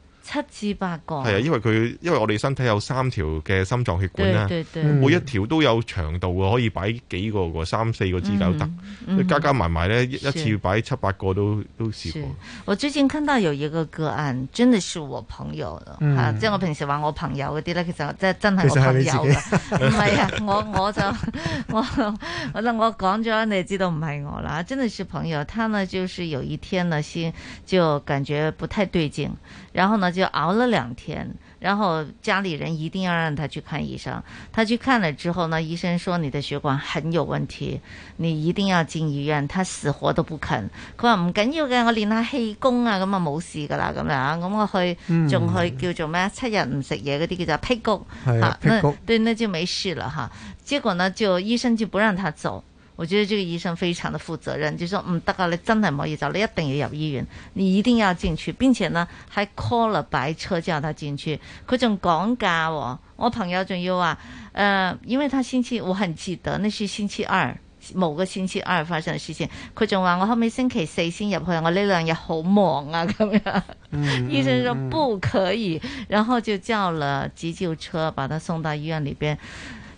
七至八個係啊，因為佢，因為我哋身體有三條嘅心臟血管啦，嗯，每一條都有長度可以擺幾個個三四個字就得，加加埋埋咧，一次擺七八個都都試過是。我最近看到有一個個案，真的是我朋友、嗯、啊。即係我平時話我朋友嗰啲咧，其實係真係我朋友啦，唔係 啊，我我就我可能我講咗，你知道唔係我啦，真的是朋友，他呢就是有一天呢先就感覺不太對勁。然後呢，就熬了兩天，然後家裏人一定要讓他去看醫生。他去看了之後呢，醫生說你的血管很有問題，你一定要進醫院。他死活都不肯。他話唔緊要嘅，我練下氣功啊，咁啊冇事噶啦，咁樣咁我去，仲去叫做咩？七日唔食嘢嗰啲叫做辟谷，辟、嗯啊、 對，那就沒事了哈。結果呢，就醫生就不讓他走。我覺得這個醫生非常的負責任，就說唔得噶，你真係唔可以走，你一定要入醫院，你一定要進去，並且呢還 call 了白車叫他進去，佢仲講價，我朋友仲要話，誒、呃，因為他星期，我很記得，那是星期二某個星期二發生的事情，佢仲話我後尾星期四先入去，我呢兩日好忙啊，咁樣，嗯、 醫生說不可以、嗯嗯，然後就叫了急救車把他送到醫院裏邊。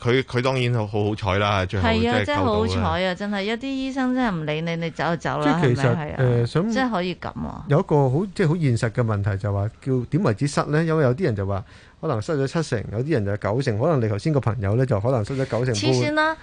佢佢當然好好好彩啦，最後真係救到嘅。係啊，真係好彩啊！真係一啲醫生真係唔理你，你走就走啦，係咪啊？係啊，真、呃、係可以咁啊！有一個好即係好現實嘅問題就話叫點為止塞咧？因為有啲人就話可能塞咗七成，有啲人就係九成。可能你頭先個朋友咧就可能塞咗九成。其實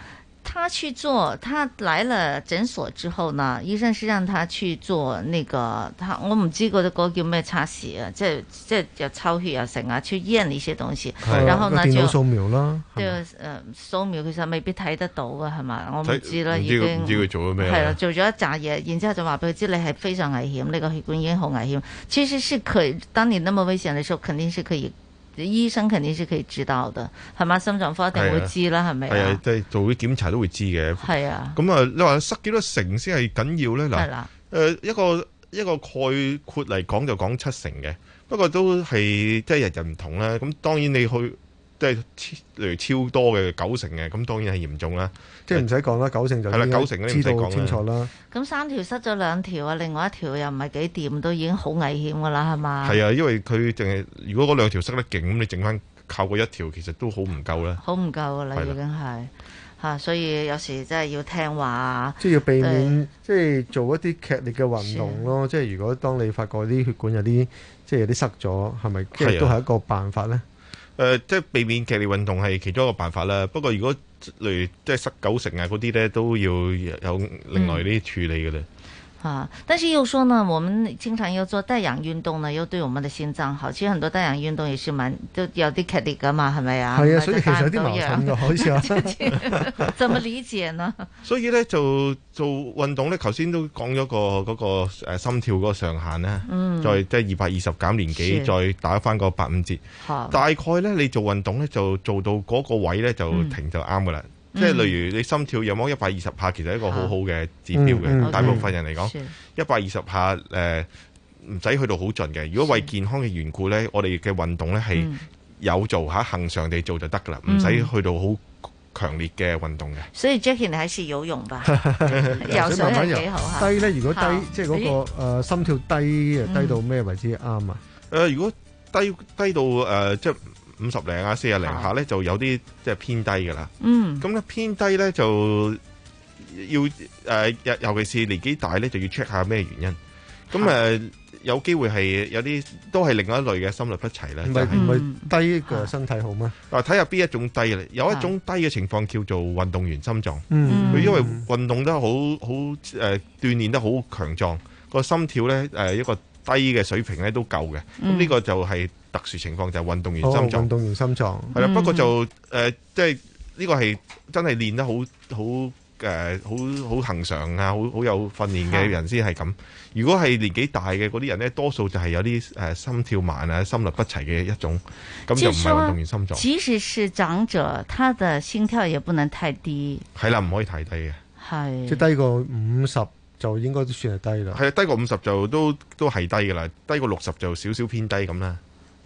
他去做，他來了診所之後呢，醫生是讓他去做那個，他我唔知嗰個叫咩測試，即即又抽血啊成啊，去驗一些東西，啊、然後呢就、這個、電腦掃描啦，對誒、呃、掃描其實未必睇得到嘅係嘛，我唔知啦已經。唔知佢做咗咩，啊？係啦，做咗一紮嘢，然之後就話俾佢知你係非常危險，你、那個血管已經好危險，其實是佢當你那麼危險嘅時候，肯定是可以。醫生肯定是可以知道的，係嘛？心臟科一定會知啦，係咪啊？係啊，即係做啲檢查都會知嘅。係啊。咁、嗯嗯、啊，你話塞幾多成先係緊要咧？嗱，係啦，誒一個一個概括嚟講就講七成嘅，不過都係即係日日唔同啦。咁當然你去。都係超嚟超多嘅九成嘅，咁當然係嚴重啦。即係唔使講啦，九成就係啦，九成咧唔使講啦。清楚啦。咁三條塞咗兩條啊，另外一條又唔係幾掂，都已經好危險噶啦，係嘛？係啊，因為佢淨係如果嗰兩條塞得勁，咁你整翻靠嗰一條，其實都好唔夠啦。好唔夠啦，已經係嚇，所以有時真係要聽話。即係要避免，即係做一啲劇烈嘅運動咯。即係如果當你發覺啲血管有啲，即係有啲塞咗，係咪？其實都係一個辦法咧。誒、呃，即係避免劇烈運動係其中一個辦法啦。不過，如果例如即係失狗食啊嗰啲咧，都要有另外啲處理㗎啦。嗯啊！但是又說呢，我們經常要做帶氧運動呢，又對我們的心臟好。其實很多帶氧運動也是蠻，都有啲劇烈噶嘛，係咪啊？係啊，所以其實有啲矛盾可以啊， 怎麼理解呢？所以呢就做，做運動呢頭先都講咗、嗰個、嗰個誒心跳嗰個上限咧，嗯，再即係二百二十減年紀再打翻個八五折，大概呢你做運動呢就做到嗰個位呢就停就啱噶啦。嗯即係例如你心跳有冇一百二十下，其實係一個好好嘅指標嘅、啊嗯嗯。大部分人嚟講，一百二十下誒唔使去到好盡嘅。如果為健康嘅緣故咧，我哋嘅運動咧係有做下，恆、嗯、常地做就得噶啦，唔使去到好強烈嘅運動嘅。所以 Jackie 你喺試有用吧，游 水係幾低咧，如果低即係嗰、那個誒心跳低，低到咩為之啱啊？誒、呃，如果低低到誒即係。五十零啊，四十零下咧，就有啲即係偏低㗎啦。嗯，咁咧偏低咧就要誒，尤其是年紀大咧，就要 check 下咩原因。咁、嗯、誒，有機會係有啲都係另一類嘅心律不齊啦。唔、就、係、是嗯、低嘅身體好咩？啊，睇下邊一種低嚟。有一種低嘅情況叫做運動員心臟。佢、嗯、因為運動得好好誒，鍛煉、呃、得好強壯，個心跳咧誒，一個低嘅水平咧都夠嘅。咁呢個就係。嗯特殊情況就係、是、運動員心臟，哦、運動員心臟係啦、嗯。不過就誒，即係呢個係真係練得好好誒，好好、呃、恆常啊，好好有訓練嘅人先係咁。如果係年紀大嘅嗰啲人呢，多數就係有啲誒、呃、心跳慢啊、心率不齊嘅一種，咁就唔係運動員心臟、就是。即使是長者，他的心跳也不能太低。係啦，唔可以太低嘅，係即低過五十就應該都算係低啦。係啊，低過五十就都都係低嘅啦，低過六十就少少偏低咁啦。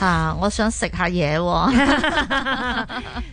啊！我想食下嘢喎、哦，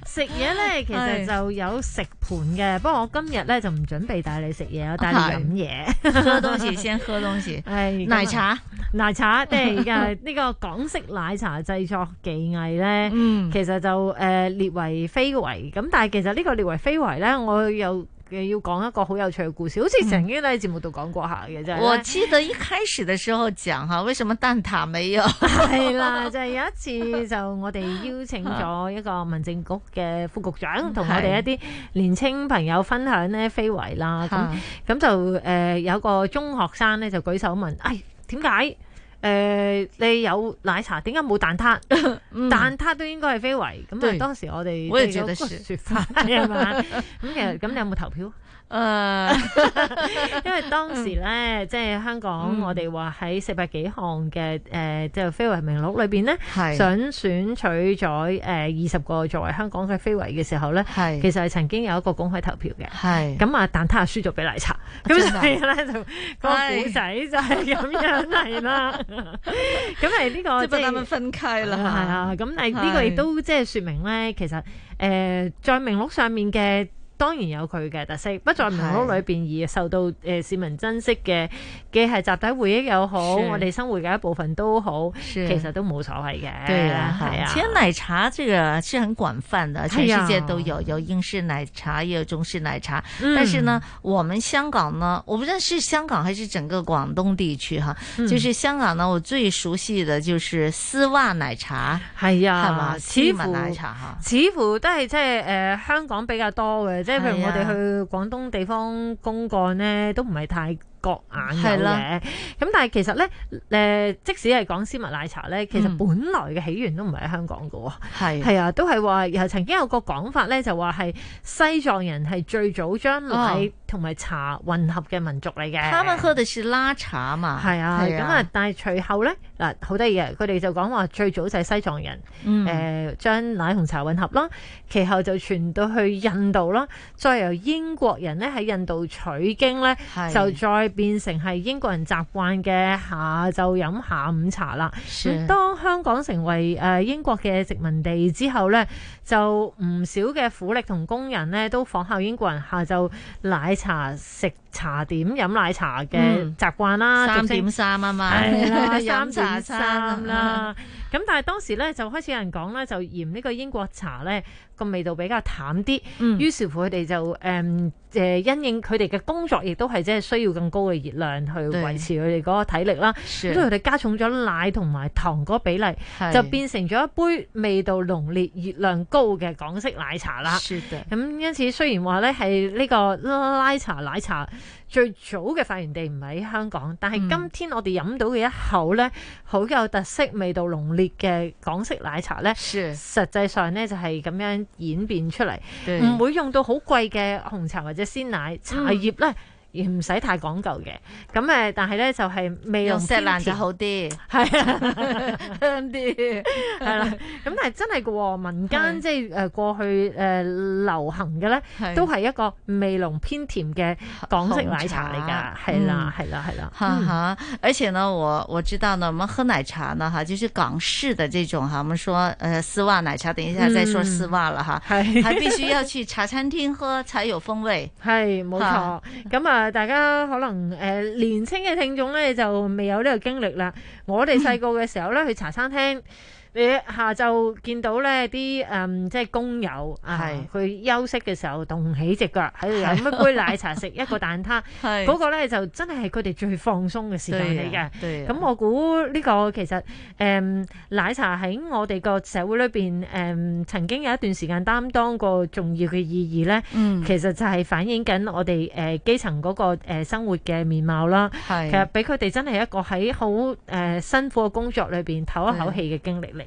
食嘢咧，其實就有食盤嘅。不過我今日咧就唔準備帶你食嘢，我帶你飲嘢。喝東西先，喝東西。係 奶茶，奶茶，即係而家呢個港式奶茶製作技藝咧， 其實就誒列、呃、為非遺。咁但係其實呢個列為非遺咧，我又。要講一個好有趣嘅故事，好似曾經喺節目度講過一下嘅啫，嗯就是。我記得一開始嘅時候講哈，為什麼蛋塔沒有？係 啦，就是，有一次就我哋邀請咗一個民政局嘅副局長同我哋一啲年青朋友分享呢非遺啦，咁咁就誒、呃、有個中學生咧就舉手問，哎點解？誒、呃，你有奶茶，點解冇蛋撻、 嗯？蛋撻都應該係非遺，咁 啊，當時我哋我哋做得説法，咁 對吧 其實咁你有冇投票？誒， 因為當時咧， 即係香港我們，我哋話喺四百幾項嘅誒，即係非遺名錄裏邊咧，想選取咗誒二十個作為香港嘅非遺嘅時候咧，係其實係曾經有一個公開投票嘅，係咁啊，但係輸咗俾奶茶，咁所以咧就，就，就這、 這個古仔就係咁樣係啦，咁係呢個即不單分開啦，係 啊，咁但係呢個亦都即係說明咧，其實誒在名錄上面嘅。當然有佢嘅特色，不在民屋裏面而受到市民珍惜嘅，既係集體回憶又好，我哋生活嘅一部分都好，其實都冇所謂嘅。對啊，係啊。其實奶茶這個係很廣泛的，哎、全世界都有，有英式奶茶，也有中式奶茶。哎、但是呢、嗯，我們香港呢，我不知道是香港還是整個廣東地區哈、嗯，就是香港呢，我最熟悉嘅就是絲襪奶茶。係、哎、啊，係嘛？絲襪奶茶嚇，似乎都係即係香港比較多嘅。即係譬如我哋去廣東地方公幹咧，都唔係太。眼嘅咁、啊、但係其實咧，即使係講絲襪奶茶咧，嗯，其實本來嘅起源都唔係喺香港㗎喎，係啊，啊，都係話又曾經有個講法咧，就話係西藏人係最早將奶同埋茶混合嘅民族嚟嘅，他們喝嘅係拉茶啊嘛，係啊，咁啊，啊，但係隨後咧，嗱，好得意嘅，佢哋就講話最早就係西藏人、嗯呃、將奶同茶混合啦，其後就傳到去印度啦，再由英國人咧喺印度取經咧，就再。變成係英國人習慣嘅下晝飲下午茶啦。咁當香港成為誒英國嘅殖民地之後呢，就唔少嘅苦力同工人呢，都仿效英國人下晝奶茶食茶點飲奶茶嘅習慣啦。三點三啊嘛，三茶三啦。 咁但係當時咧就開始有人講咧，就嫌呢個英國茶咧個味道比較淡啲，嗯，於是乎佢哋就誒誒、嗯、因應佢哋嘅工作，亦都係即係需要更高嘅熱量去維持佢哋嗰個體力啦，咁所以佢哋加重咗奶同埋糖嗰比例，就變成咗一杯味道濃烈、熱量高嘅港式奶茶啦。咁因此雖然話咧係呢個拉、拉茶奶茶。最早嘅發源地唔喺香港，但係今天我哋飲到嘅一口呢，好有特色、味道濃烈嘅港式奶茶呢，實際上呢就係咁樣演變出嚟，唔會用到好貴嘅紅茶或者鮮奶茶葉呢。嗯唔使太講究嘅，咁誒，但係咧就係味濃偏甜就好啲，係 啊， 香啲，係啦。咁但係真係嘅喎，民間即係誒過去誒流行嘅咧，都係一個味濃偏甜嘅港式奶茶嚟㗎，係啦，係、嗯、啦，係、嗯、啦、嗯嗯。而且呢，我我知道呢，我們喝奶茶呢，哈，就是港式的這種哈，我們說，誒絲襪奶茶，等一下再說絲襪啦，哈、嗯，係， 還必須要去茶餐廳喝才有風味，係冇錯，咁 啊、嗯。嗯大家可能誒年輕嘅聽眾咧就未有呢個經歷啦。我哋細個嘅時候咧，去茶餐廳。嗯你下晝見到咧啲誒，即係工友，係佢休息嘅時候，棟起隻腳喺度，飲一杯奶茶，食 一個蛋撻，係 嗰、那個咧就真係佢哋最放鬆嘅時間嚟嘅。咁、啊啊、我估呢、這個其實誒、嗯、奶茶喺我哋個社會裏面誒、嗯、曾經有一段時間擔當過重要嘅意義咧、嗯。其實就係反映緊我哋、呃、基層嗰、那個、呃、生活嘅面貌啦。係，其實俾佢哋真係一個喺好誒辛苦嘅工作裏面唞一口氣嘅經歷嚟。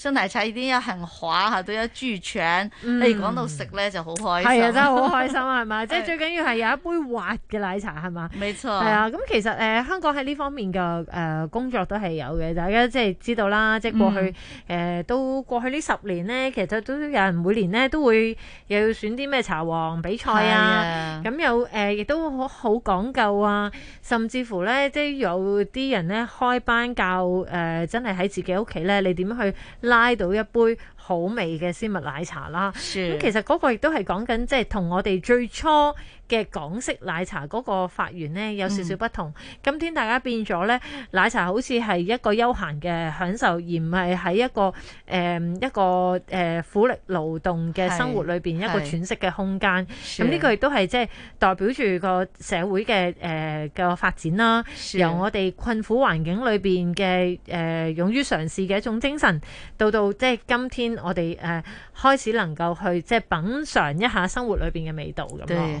生奶茶啲有杏花下都有豬腸。你講到食咧就好開心，係、嗯、啊， 真係好開心啊，係咪？即係最緊要係有一杯滑嘅奶茶，係嘛？冇錯。係啊，咁、嗯、其實誒、呃、香港喺呢方面嘅誒、呃、工作都係有嘅，大家即係知道啦。即係過去誒都、嗯呃、過去呢十年咧，其實都有人每年咧都會又要選啲咩茶王比賽啊。咁有誒亦都好好講究啊，甚至乎咧即係有啲人咧開班教誒、呃、真係喺自己屋企咧，你點樣去？拉到一杯好味嘅絲襪奶茶啦，咁、sure. 其實嗰個亦都係講緊，即係同我哋最初嘅港式奶茶嗰個發源咧有少少不同。嗯、今天大家變咗咧，奶茶好似係一個休閒嘅享受，而唔係喺一個誒、呃、一個誒、呃、苦力勞動嘅生活裏邊一個喘息嘅空間，咁呢個亦都係即係代表住個社會嘅誒嘅發展啦。由我哋困苦環境裏邊嘅誒勇於嘗試嘅一種精神，到到即係今天我哋誒、呃、開始能夠去即係品嘗一下生活裏邊嘅味道咁樣。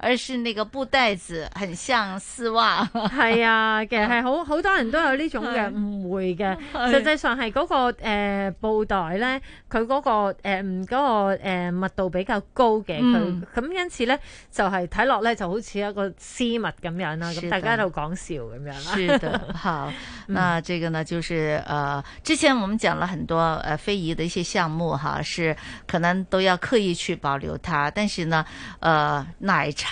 而是那個布袋子很像絲襪，係 啊，其實係好好多人都有呢種嘅誤會嘅，實際上係、那個誒、呃、布袋咧，佢、那個誒嗰、呃那個誒、呃、密度比較高嘅，佢、嗯、咁因此咧就係睇落咧就好似一個絲襪咁樣啦、啊，咁大家喺度講笑咁樣啦、啊。 是的，好，那這個呢，就是誒、呃，之前我們講了很多誒、呃、非遺的一些項目，哈，是可能都要刻意去保留它，但是呢，誒、呃、奶茶。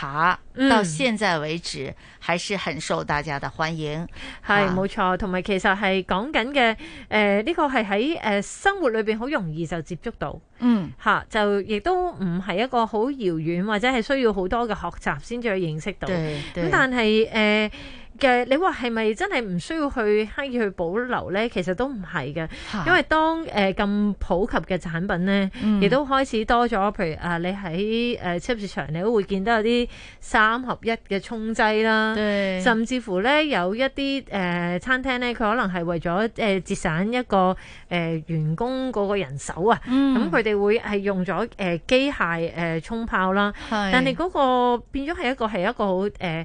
到現在為止、嗯、還是很受大家的歡迎，係冇錯，同埋、啊、其實係講緊嘅，誒、呃、呢、這個係喺誒生活裏邊好容易就接觸到，嗯，吓、啊、就亦都唔係一個好遙遠或者係需要好多嘅學習先至去認識到，咁但係誒。呃嘅，你話係咪真係唔需要去刻意去保留咧？其實都唔係嘅，因為當誒咁、呃、普及嘅產品咧，亦、嗯、都開始多咗。譬如啊，你喺誒超市場，你都會見到有啲三合一嘅沖劑啦，甚至乎咧，有一啲誒、呃、餐廳咧，佢可能係為咗誒、呃、節省一個誒、呃、員工嗰個人手啊，咁佢哋會係用咗誒、呃、機械誒、呃、沖泡啦。但係嗰個變咗係一個係一個好誒。呃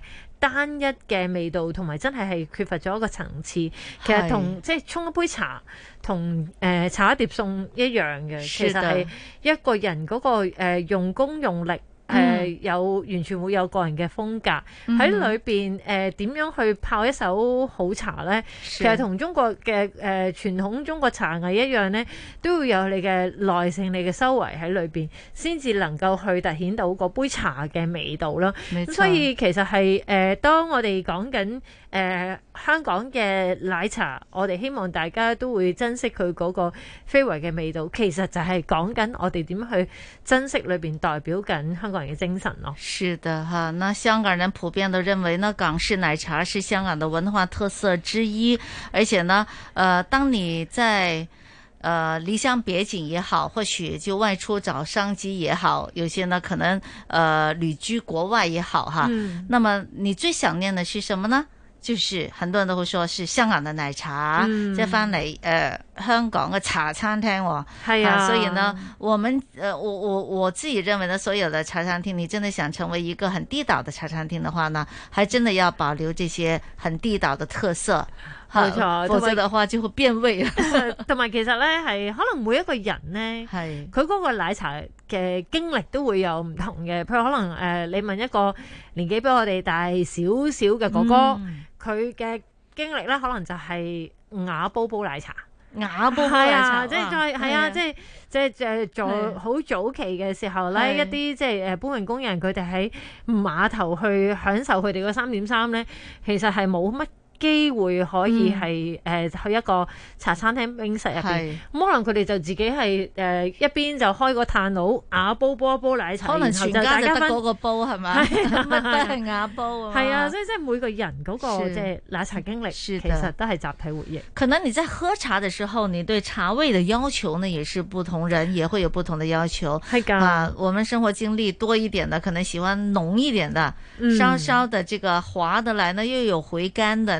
單一嘅味道同埋真係係缺乏咗一個層次，其實同即係沖一杯茶同誒、呃、炒一碟餸一樣嘅，其實係一個人嗰、那個誒、呃、用功用力。誒、嗯呃、有完全會有個人嘅風格喺裏邊，誒、嗯、點、呃、樣去泡一手好茶呢？其實同中國嘅誒、呃、傳統中國茶藝一樣呢，都要有你嘅耐性、你嘅修為喺裏邊，先至能夠去突顯到嗰杯茶嘅味道囉。所以其實係誒、呃，當我哋講緊。誒、呃、香港嘅奶茶，我哋希望大家都會珍惜佢嗰個非遺嘅味道。其實就係講緊我哋點去珍惜裏邊代表緊香港人嘅精神咯。是的哈，那香港人普遍都認為呢港式奶茶是香港的文化特色之一。而且呢，呃、當你在誒離鄉別井也好，或許就外出找商機也好，有些呢可能、呃、旅居國外也好哈。嗯。那麼你最想念的是什麼呢？就是很多人都會說是香港嘅奶茶，即係翻嚟誒香港嘅茶餐廳，哦。係啊，啊，所以呢，我們誒我我我自己認為呢，所有的茶餐廳，你真的想成為一個很地道的茶餐廳嘅話呢，還真的要保留這些很地道的特色。冇、嗯、錯、啊，否則嘅話就會變味啦。同埋 其實呢，係可能每一個人呢，係佢嗰個奶茶嘅經歷都會有唔同嘅。譬如可能誒、呃，你問一個年紀比我哋大少少嘅哥哥。嗯。佢嘅經歷咧，可能就係瓦煲煲奶茶，瓦煲煲奶茶，即係再係啊，即係即係誒，在、啊、好、啊啊啊啊、早期嘅時候咧、啊，一啲即係誒搬運工人佢哋喺碼頭去享受佢哋個三點三咧，其實係冇乜機會可以係誒、嗯、去一個茶餐廳冰室入邊，咁可能佢哋就自己係誒一邊就開個炭爐瓦煲一煲一煲奶茶，可能全家就得嗰煲係咪？係 啊是的， 都係瓦煲。係啊，即係即每個人嗰個即係奶茶經歷，其實都係集體回憶。可能你在喝茶的時候，你對茶味的要求呢，也是不同人也會有不同的要求。係㗎，啊，我們生活經歷多一點的，可能喜歡濃一點的，稍、嗯、稍的這個滑得來呢，又有回甘的。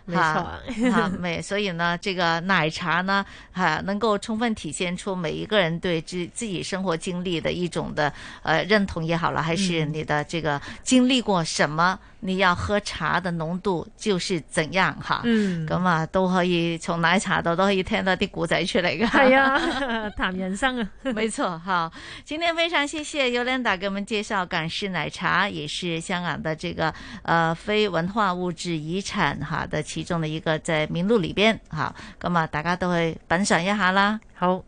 沒錯、啊哈， 哈，沒，所以呢，這個奶茶呢，哈，能夠充分體現出每一個人對自自己生活經歷的一種的呃認同也好了，還是你的這個經歷過什麼，嗯、你要喝茶的濃度就是怎樣哈，嗯，咁啊，都可以從奶茶度都可以聽到啲古仔出嚟噶，係、哎、啊，談人生啊，沒錯，哈， 今天非常謝謝 Yolanda 給我們介紹港式奶茶，也是香港的這個呃非文化物質遺產哈的。其中的一個在名錄裏邊，吓，咁啊，大家都去品嘗一下啦，好。